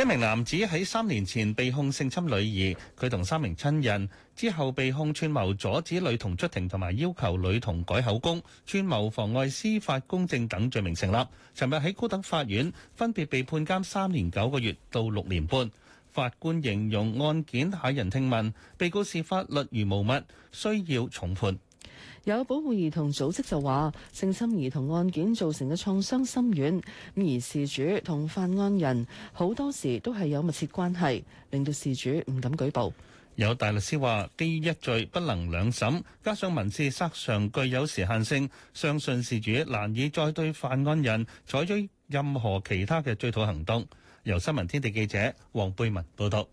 一名男子喺三年前被控性侵女兒，佢同三名親人之後被控串謀阻止女童出庭同埋要求女童改口供，串謀妨礙司法公正等罪名成立。尋日喺高等法院分別被判監三年九個月到六年半。法官形容案件駭人聽聞，被告視法律如無物，需要重判。有保護兒童組織就話，性侵兒童案件造成嘅創傷深遠，而事主同犯案人好多時都係有密切關係，令到事主唔敢舉報。有大律師話，基於一罪不能兩審，加上民事訴訟具有時限性，相信事主難以再對犯案人採取任何其他嘅追討行動。由新聞天地記者黃貝文報道。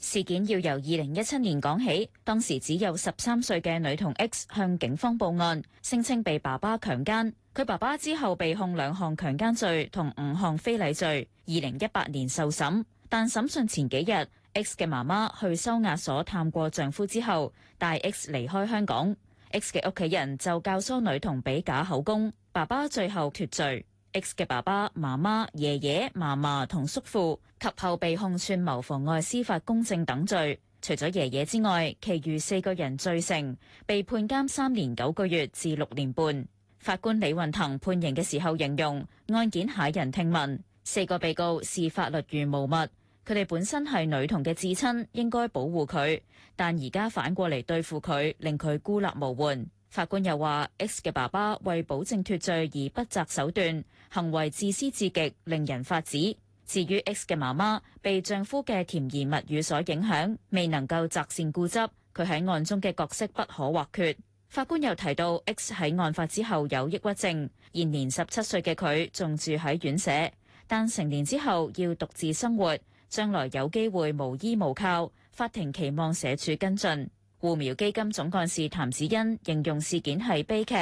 事件要由二零一七年講起，當時只有十三歲嘅女童 X 向警方報案，聲稱被爸爸強姦。佢爸爸之後被控兩項強姦罪同五項非禮罪，二零一八年受審。但審訊前幾日，X 嘅媽媽去收押所探過丈夫之後，帶 X 離開香港。X 嘅屋企人就教唆女童俾假口供，爸爸最後脫罪。X 嘅爸爸媽媽、爺爺、嫲嫲同叔父，及後被控串謀妨礙司法公正等罪。除咗爺爺之外，其餘四個人罪成，被判監三年九個月至六年半。法官李運騰判刑嘅時候形容案件駭人聽聞，四個被告視法律如無物，佢哋本身係女童嘅至親，應該保護佢，但而家反過嚟對付佢，令佢孤立無援。法官又話，X 嘅爸爸為保證脱罪而不擇手段。行為自私至極，令人髮指。至於 X 嘅媽媽，被丈夫嘅甜言蜜語所影響，未能夠擇善固執，佢喺案中嘅角色不可或缺。法官又提到，X 喺案發之後有抑鬱症，現年十七歲嘅佢仲住喺院舍，但成年之後要獨自生活，將來有機會無依無靠。法庭期望社署跟進。護苗基金總幹事譚子欣形容事件係悲劇。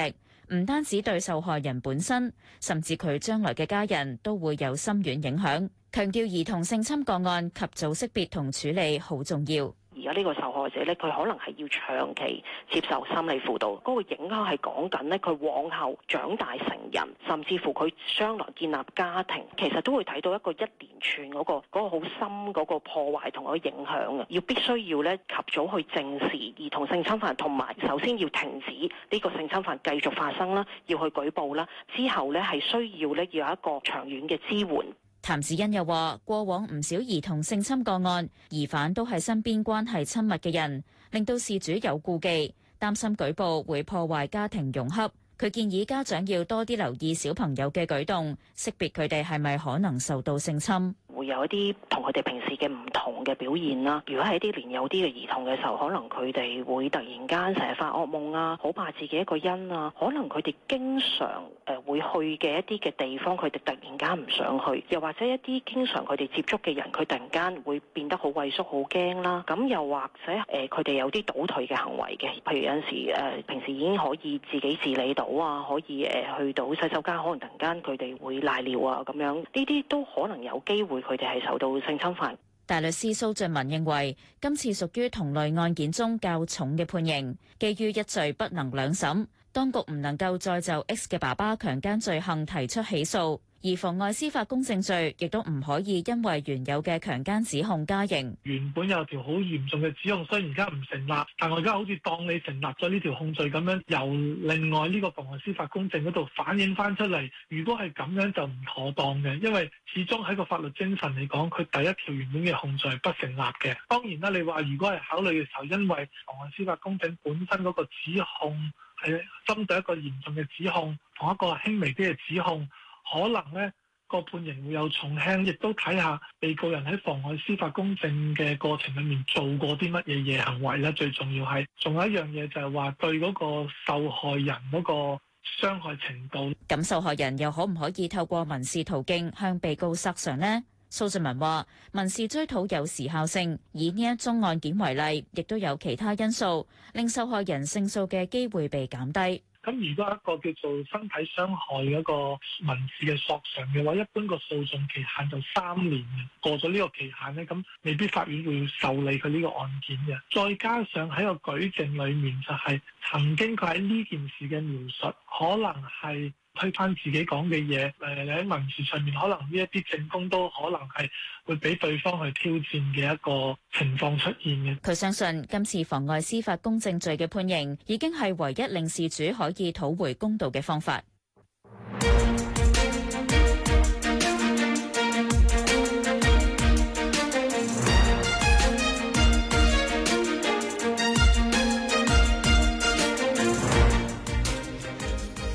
唔單止對受害人本身，甚至佢將來嘅家人都會有深遠影響。強調兒童性侵個案及早識別同處理好重要。而家呢個受害者咧，佢可能係要長期接受心理輔導，嗰個影響係講緊咧，佢往後長大成人，甚至乎佢將來建立家庭，其實都會睇到一個一連串嗰個嗰個好深嗰個破壞同嗰個影響啊！要必須要咧及早去正視兒童性侵犯，同埋首先要停止呢個性侵犯繼續發生啦，要去舉報啦。之後咧係需要咧要有一個長遠嘅支援。譚子欣又話：過往唔少兒童性侵個案，疑犯都係身邊關係親密嘅人，令到事主有顧忌，擔心舉報會破壞家庭融洽。佢建議家長要多啲留意小朋友嘅舉動，識別佢哋係咪可能受到性侵，會有一啲同佢哋平時嘅唔同嘅表現啦。如果係一啲年幼啲嘅兒童嘅時候，可能佢哋會突然間成日發噩夢啊，好怕自己一個人啊，可能佢哋經常誒。會去嘅一啲嘅地方，佢哋突然間唔想去；又或者一啲經常佢哋接觸嘅人，佢突然間會變得好畏縮、好驚啦。咁又或者誒，佢哋有啲倒退嘅行為嘅，譬如有陣時誒，平時已經可以自己自理到啊，可以誒去到洗手間，可能突然間佢哋會瀨尿啊咁樣。呢啲都可能有機會佢哋係受到性侵犯。大律師蘇俊文認為，今次屬於同類案件中較重嘅判刑，基於一罪不能兩審。當局唔能夠再就 X 嘅爸爸強姦罪行提出起訴，而妨礙司法公正罪亦都唔可以因為原有嘅強姦指控加刑。原本有條好嚴重嘅指控，雖然而家唔成立，但我而家好似當你成立咗呢條控罪咁樣，由另外呢個妨礙司法公正嗰度反映翻出嚟。如果係咁樣就唔妥當嘅，因為始終喺個法律精神嚟講，佢第一條原本嘅控罪係不成立嘅。當然啦，你話如果係考慮嘅時候，因為妨礙司法公正本身嗰個指控。係針對一個嚴重嘅指控，同一個輕微啲嘅指控，可能咧個判刑會有重輕，亦都睇下被告人喺妨礙司法公正嘅過程裏面做過啲乜嘢嘢行為咧。最重要係，仲有一樣嘢就係話對嗰個受害人嗰個傷害程度。咁受害人又可唔可以透過民事途徑向被告索償呢？蘇俊文話：民事追討有時效性，以呢一宗案件為例，亦都有其他因素令受害人勝訴嘅機會被減低。咁如果一個叫做身體傷害嗰個民事嘅索償嘅話，一般個訴訟期限就三年，過咗呢個期限咧，咁未必法院會受理佢呢個案件嘅。再加上喺個舉證裏面，就是，就係曾經佢喺呢件事嘅描述，可能係。推翻自己講嘅嘢，誒，你喺文字上面，可能呢一啲證供都可能係會俾對方去挑戰嘅一個情況出現嘅。佢相信今次妨礙司法公正罪嘅判刑，已經係唯一令事主可以討回公道嘅方法。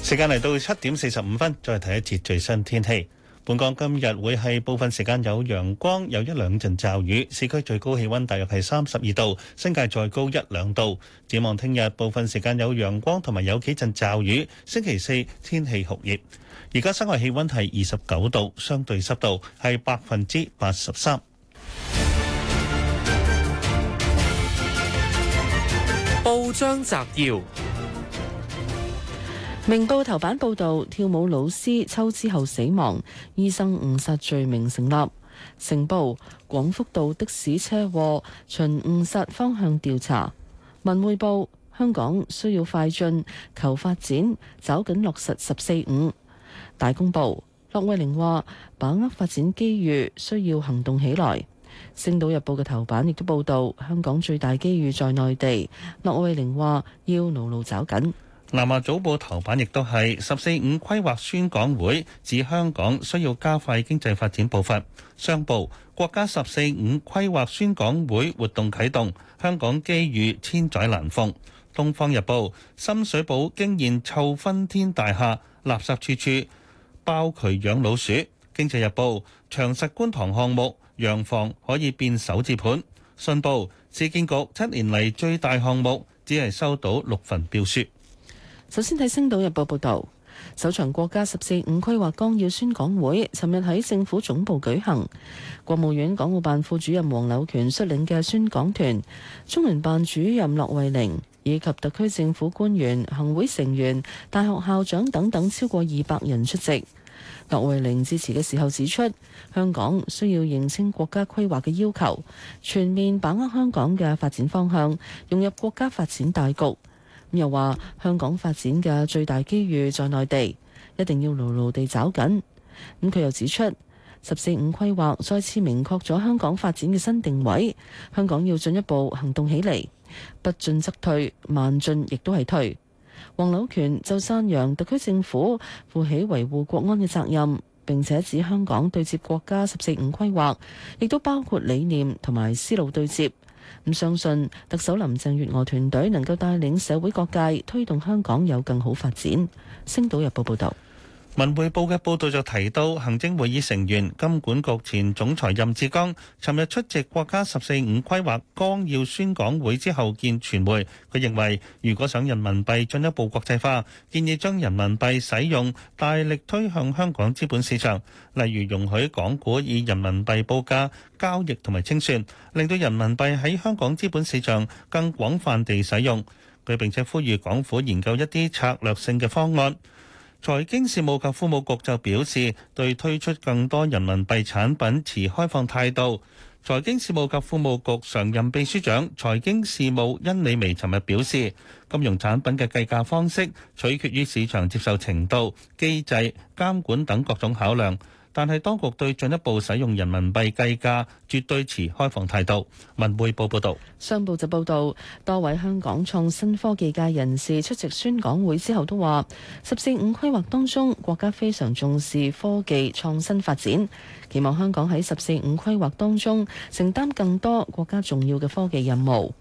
時間嚟到七點四十五分，再睇一次最新天氣。本港今日會係部分時間有陽光，有一兩陣驟雨。市區最高氣溫大約係三十二度，新界再高一兩度。展望聽日部分時間有陽光，同埋有幾陣驟雨。星期四天氣酷熱。而家室外氣溫係二十九度，相對濕度係百分之八十三。報章摘要。明報頭版報道，跳舞老師抽脂後死亡，醫生誤殺罪名成立。成報，廣福道的士車禍，循誤殺方向調查。文匯報，香港需要快進求發展，抓緊落實十四五。大公報，駱惠寧話，把握發展機遇需要行動起來。星島日報嘅頭版亦都報道，香港最大機遇在內地。駱惠寧話要牢牢抓緊。南華早報頭版亦都係十四五規劃宣講會，指香港需要加快經濟發展步伐。商報國家十四五規劃宣講會活動啟動，香港機遇千載難逢。東方日報深水埗經驗臭昏天大廈，垃圾處處，包渠養老鼠。經濟日報長實觀塘項目洋房可以變首置盤。信報市建局七年嚟，最大項目只係收到六份標書。首先睇《星島日報》報導，首場國家「十四五」規劃綱要宣講會，尋日喺政府總部舉行。國務院港澳辦副主任黃柳權率領嘅宣講團，中聯辦主任駱惠寧以及特區政府官員、行會成員、大學校長等等超過二百人出席。駱惠寧致辭嘅時候指出，香港需要認清國家規劃嘅要求，全面把握香港嘅發展方向，融入國家發展大局。又話香港發展嘅最大機遇在內地，一定要牢牢地抓緊。咁佢又指出，十四五規劃再次明確咗香港發展嘅新定位，香港要進一步行動起嚟，不進則退，慢進亦都係退。黃柳權就讚揚特區政府負起維護國安嘅責任，並且指香港對接國家十四五規劃，亦都包括理念同埋思路對接。唔相信特首林鄭月娥團隊能夠帶領社會各界推動香港有更好發展。星島日報報道。《文匯報》嘅報道就提到，行政會議成員金管局前總裁任志剛，尋日出席國家“十四五”規劃綱要宣講會之後見傳媒。佢認為，如果想人民幣進一步國際化，建議將人民幣使用大力推向香港資本市場，例如容許港股以人民幣報價、交易同埋清算，令到人民幣喺香港資本市場更廣泛地使用。佢並且呼籲港府研究一啲策略性嘅方案。財經事務及庫務局就表示，對推出更多人民幣產品持開放態度。財經事務及庫務局常任秘書長財經事務甄李薇尋日表示，金融產品嘅計價方式取決於市場接受程度、機制、監管等各種考量。但係，當局對進一步使用人民幣計價絕對持開放態度。文匯報報道，商報就報導多位香港創新科技界人士出席宣講會之後都話：十四五規劃當中，國家非常重視科技創新發展，期望香港喺十四五規劃當中承擔更多國家重要嘅科技任務。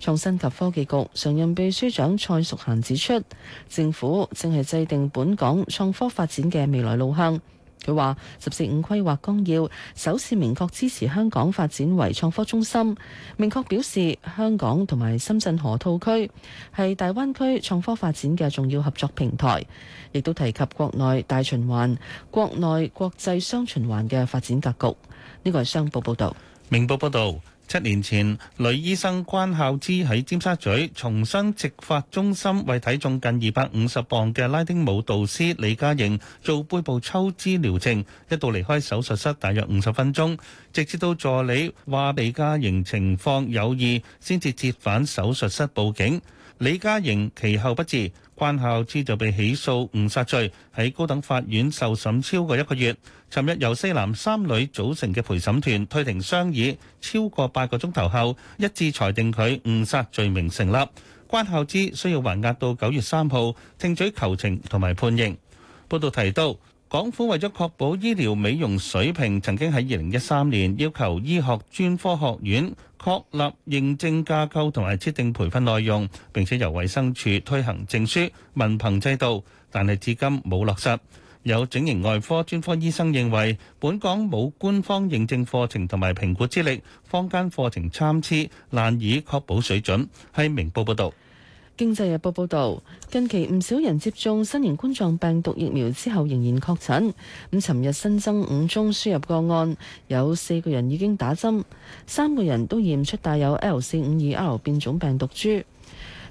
創新及科技局常任秘書長蔡淑嫻指出，政府正係制定本港創科發展嘅未來路向。佢話：十四五規劃綱要首次明確支持香港發展為創科中心，明確表示香港同埋深圳河套區係大灣區創科發展嘅重要合作平台，亦都提及國內大循環、國內國際雙循環嘅發展格局。呢個係商報報道。明報報道。七年前，女醫生關孝芝喺尖沙咀重生植髮中心為體重近二百五十磅嘅拉丁舞導師李嘉瑩做背部抽脂療程，一度離開手術室大約五十分鐘，直至到助理話李嘉瑩情況有異，先至折返手術室報警。李嘉瑩其後不治。關孝之就被起訴誤殺罪，喺高等法院受審超過一個月。尋日由四男三女組成嘅陪審團退庭商議，超過八個鐘頭後，一致裁定佢誤殺罪名成立。關孝之需要還押到九月三號聽取求情同埋判刑。報道提到。港府為咗確保醫療美容水平，曾經喺二零一三年要求醫學專科學院確立認證架構同埋設定培訓內容，並且由衛生署推行證書文憑制度，但係至今冇落實。有整形外科專科醫生認為，本港冇官方認證課程同埋評估資歷，坊間課程參差，難以確保水準。係明報報道。經濟日報報道，近期唔少人接種新型冠狀病毒疫苗之後仍然確診。咁，尋日新增五宗輸入個案，有四個人已經打針，三個人都驗出帶有 L 四五二 R 變種病毒株。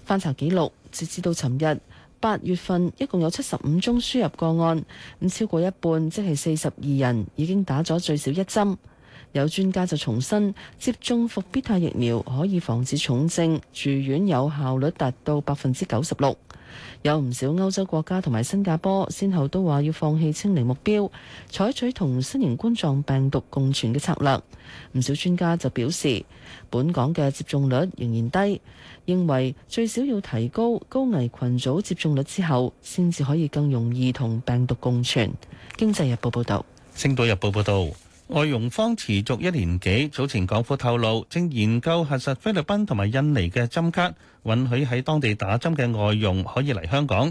翻查記錄，截至到尋日八月份，一共有七十五宗輸入個案，咁超過一半，即係四十二人已經打咗最少一針。有專家就重申，接種復必泰疫苗可以防止重症住院，有效率達到百分之九十六。有唔少歐洲國家同埋新加坡，先後都話要放棄清零目標，採取同新型冠狀病毒共存嘅策略。唔少專家就表示，本港嘅接種率仍然低，認為最少要提高高危群組接種率之後，先至可以更容易同病毒共存。經濟日報報道。星島日報報導。外傭方持續一年幾，早前港府透露正研究核實菲律賓同埋印尼嘅針卡，允許喺當地打針嘅外傭可以嚟香港。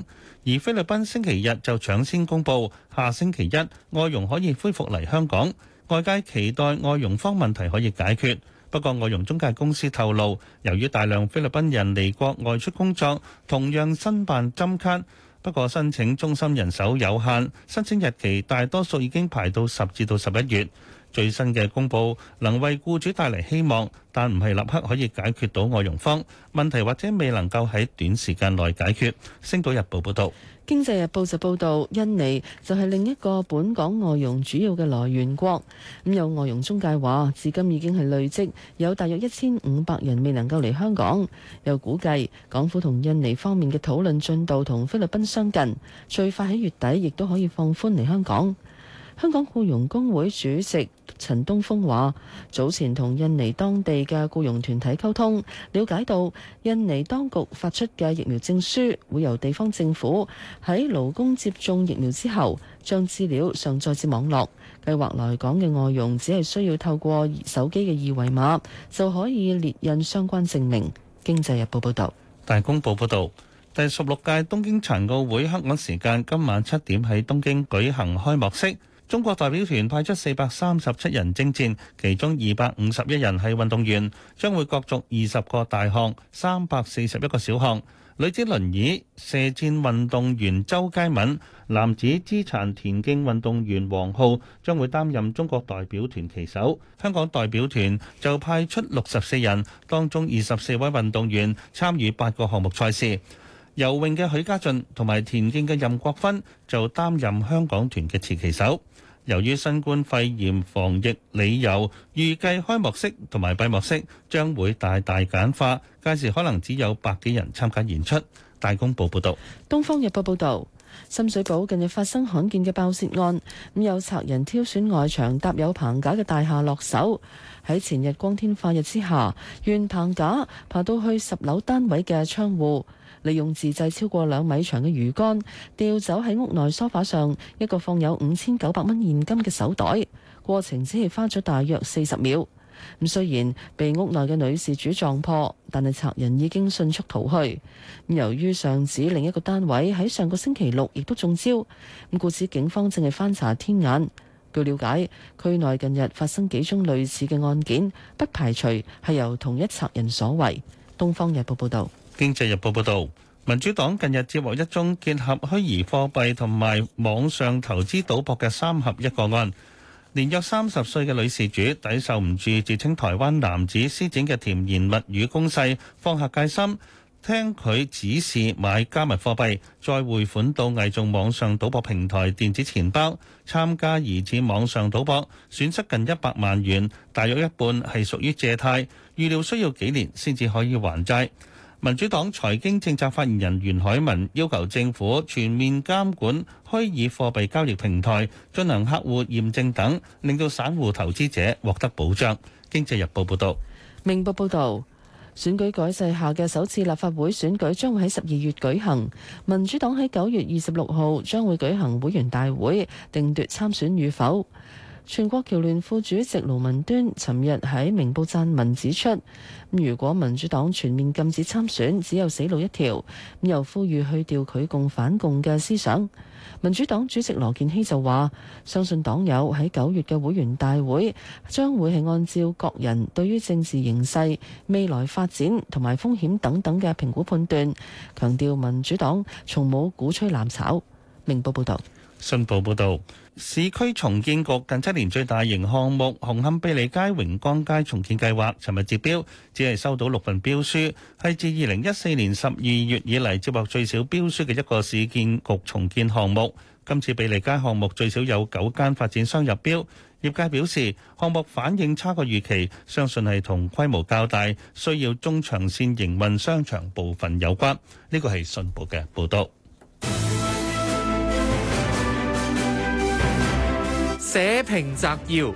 而菲律賓星期日就搶先公布，下星期一外傭可以恢復嚟香港。外界期待外傭方問題可以解決。不過外傭中介公司透露，由於大量菲律賓人離國外出工作，同樣申辦針卡。不過申請中心人手有限，申請日期大多數已經排到十至到十一月。最新嘅公布能為雇主帶嚟希望，但唔係立刻可以解決到外傭方問題，或者未能夠喺短時間內解決。星島日報報道，經濟日報就報導，印尼就係另一個本港外傭主要嘅來源國。咁有外傭中介話，至今已經係累積有大約一千五百人未能夠嚟香港。又估計港府同印尼方面嘅討論進度同菲律賓相近，最快喺月底亦都可以放寬嚟香港。香港僱傭工會主席陳東峰話，早前同印尼當地嘅僱傭團體溝通，了解到印尼當局發出嘅疫苗證書會由地方政府喺勞工接種疫苗之後，將資料上載至網絡。計劃來港嘅外傭只係需要透過手機嘅二維碼就可以列印相關證明。經濟日報報道，大公報報道，第十六屆東京殘奧會，香港時間今晚七點喺東京舉行開幕式。中國代表團派出四百三十七人征戰，其中二百五十一人係運動員，將會角逐二十個大項、三百四十一個小項。女子輪椅射箭運動員周佳敏、男子肢殘田徑運動員王浩將會擔任中國代表團旗手。香港代表團就派出六十四人，當中二十四位運動員參與八個項目賽事。游泳嘅許家俊同埋田徑嘅任國芬就擔任香港團嘅持旗手。由於新冠肺炎防疫理由，預計開幕式同埋閉幕式將會大大簡化，屆時可能只有百幾人參加演出。大公報報道，《東方日報》報道，深水埗近日發生罕見嘅爆竊案，咁有賊人挑選外牆搭有棚架嘅大廈落手，喺前日光天化日之下，沿棚架爬到去十樓單位嘅窗戶。利用自製超過兩米長嘅魚竿，掉走喺屋內梳化上一個放有五千九百蚊現金嘅手袋，過程只係花咗大約四十秒。咁雖然被屋內嘅女事主撞破，但係賊人已經迅速逃去。由於上址另一個單位喺上個星期六亦都中招，咁故此警方正係翻查天眼。據了解，區內近日發生幾宗類似嘅案件，不排除係由同一賊人所為。《東方日報》報導。經濟日報報導，民主黨近日接獲一宗結合虛擬貨幣同埋網上投資賭博嘅三合一個案。年約三十歲嘅女事主抵受唔住，自稱台灣男子施展嘅甜言蜜語攻勢，放下戒心，聽佢指示買加密貨幣，再匯款到偽造網上賭博平台電子錢包，參加疑似網上賭博，損失近一百萬元，大約一半係屬於借貸，預料需要幾年先至可以還債。民主黨財經政策發言人袁海文要求政府全面監管虛擬貨幣交易平台，進行客戶驗證等，令到散戶投資者獲得保障。經濟日報報道。明報報道，選舉改制下嘅首次立法會選舉將會喺十二月舉行。民主黨喺九月二十六號將會舉行會員大會，定奪參選與否。全國僑聯副主席盧文端尋日喺明報撰文指出，如果民主黨全面禁止參選，只有死路一條。咁又呼籲去掉拒共反共嘅思想。民主黨主席羅健熙就話，相信黨友喺九月嘅會員大會將會係按照各人對於政治形勢未來發展同埋風險等等嘅評估判斷。強調民主黨從冇鼓吹攬炒。明報報道。新報報導。市區重建局近七年最大型項目紅磡庇利街、榮光街重建計劃，尋日截標，只係收到六份標書，係自二零一四年十二月以嚟接獲最少標書嘅一個市建局重建項目。今次庇利街項目最少有九間發展商入標，業界表示項目反應差過預期，相信係同規模較大、需要中長線營運商場部分有關。呢個係信報嘅報道。社評摘要：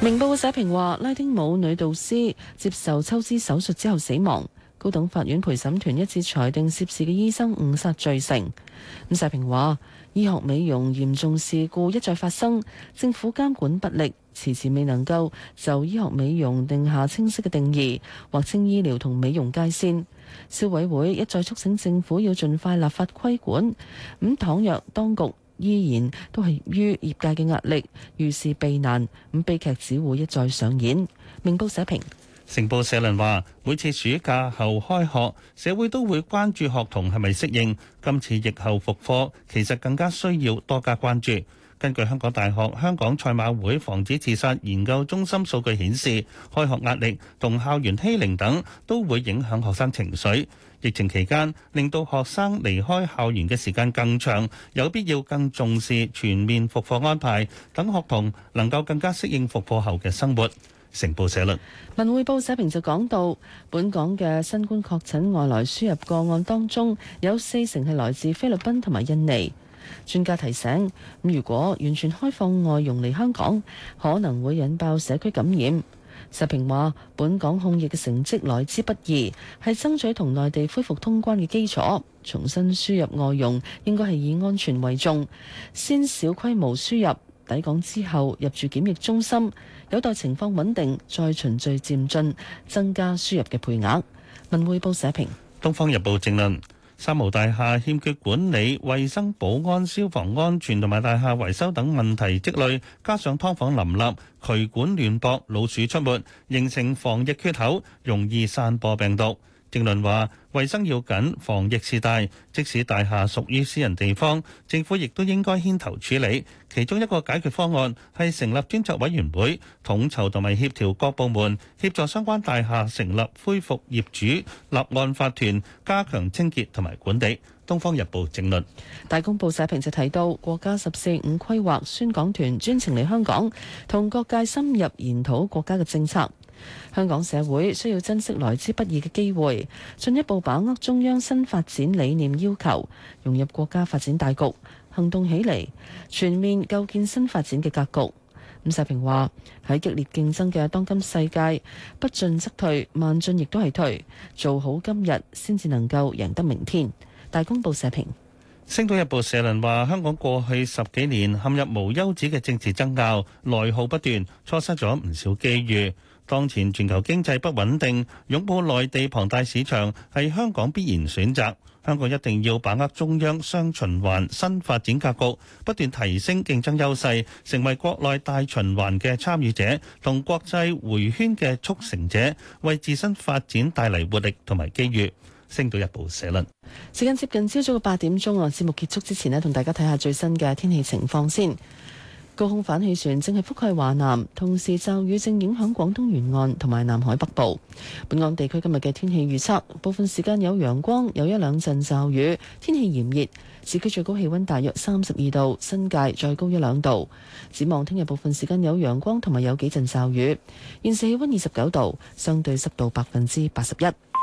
明報嘅社評話，拉丁舞女導師接受抽脂手術之後死亡，高等法院陪審團一致裁定涉事嘅醫生誤殺罪成。咁社評話，醫學美容嚴重事故一再發生，政府監管不力，遲遲未能夠就醫學美容定下清晰嘅定義，劃清醫療同美容界線。消委會一再促請政府要盡快立法規管。咁倘若當局依然都係於業界嘅壓力遇事避難，咁悲，悲劇只會一再上演。明報社評，成報社論話：每次暑假後開學，社會都會關注學童係咪適應，今次疫後復課其實更加需要多加關注。根據香港大學、香港賽馬會防止自殺研究中心數據顯示，開學壓力同校園欺凌等都會影響學生情緒。疫情期間令到學生離開校園嘅時間更長，有必要更重視全面復課安排，等學童能夠更加適應復課後嘅生活。成報社論，文匯報社評就講到，本港嘅新冠確診外來輸入個案當中有四成係來自菲律賓同埋印尼。專家提醒：咁如果完全開放外傭嚟香港，可能會引爆社區感染。社評話：本港控疫嘅成績來之不易，係爭取同內地恢復通關嘅基礎。重新輸入外傭應該係以安全為重，先小規模輸入抵港之後入住檢疫中心，有待情況穩定再循序漸進增加輸入嘅配額。文匯報社評，《東方日報》正論。三無大廈欠缺管理、衛生、保安、消防安全同埋大廈維修等問題積累，加上劏房林立、渠管亂駁、老鼠出沒，形成防疫缺口，容易散播病毒。政論話衛生要緊，防疫是大。即使大廈屬於私人地方，政府亦都應該牽頭處理。其中一個解決方案係成立專責委員會，統籌同埋協調各部門協助相關大廈成立恢復業主立案法團，加強清潔同埋管理。東方日報政論。大公報社評就提到，國家十四五規劃宣講團專程嚟香港，同各界深入研討國家嘅政策。香港社會需要珍惜來之不易嘅機會，進一步把握中央新發展理念要求，融入國家發展大局，行動起嚟，全面構建新發展嘅格局。伍世平話，喺激烈競爭嘅當今世界，不進則退，慢進亦都係退，做好今日先至能夠贏得明天。大公報社評。《星島日報》社論話，香港過去十幾年陷入無休止嘅政治爭拗，內耗不斷，錯失咗唔少機遇。當前全球經濟不穩定，擁抱內地龐大市場係香港必然選擇。香港一定要把握中央雙循環新發展格局，不斷提升競爭優勢，成為國內大循環嘅參與者，同國際迴圈嘅促成者，為自身發展帶嚟活力同埋機遇。星島日報社論。時間接近朝早嘅八點鐘啊，節目結束之前咧，同大家睇下最新嘅天氣情況先。高空反氣旋正係覆蓋華南，同時驟雨正影響廣東沿岸同埋南海北部。本港地區今日嘅天氣預測，部分時間有陽光，有一兩陣驟雨，天氣炎熱，市區最高氣温大約三十二度，新界再高一兩度。展望聽日部分時間有陽光同埋有幾陣驟雨，現時氣温二十九度，相對濕度百分之八十一。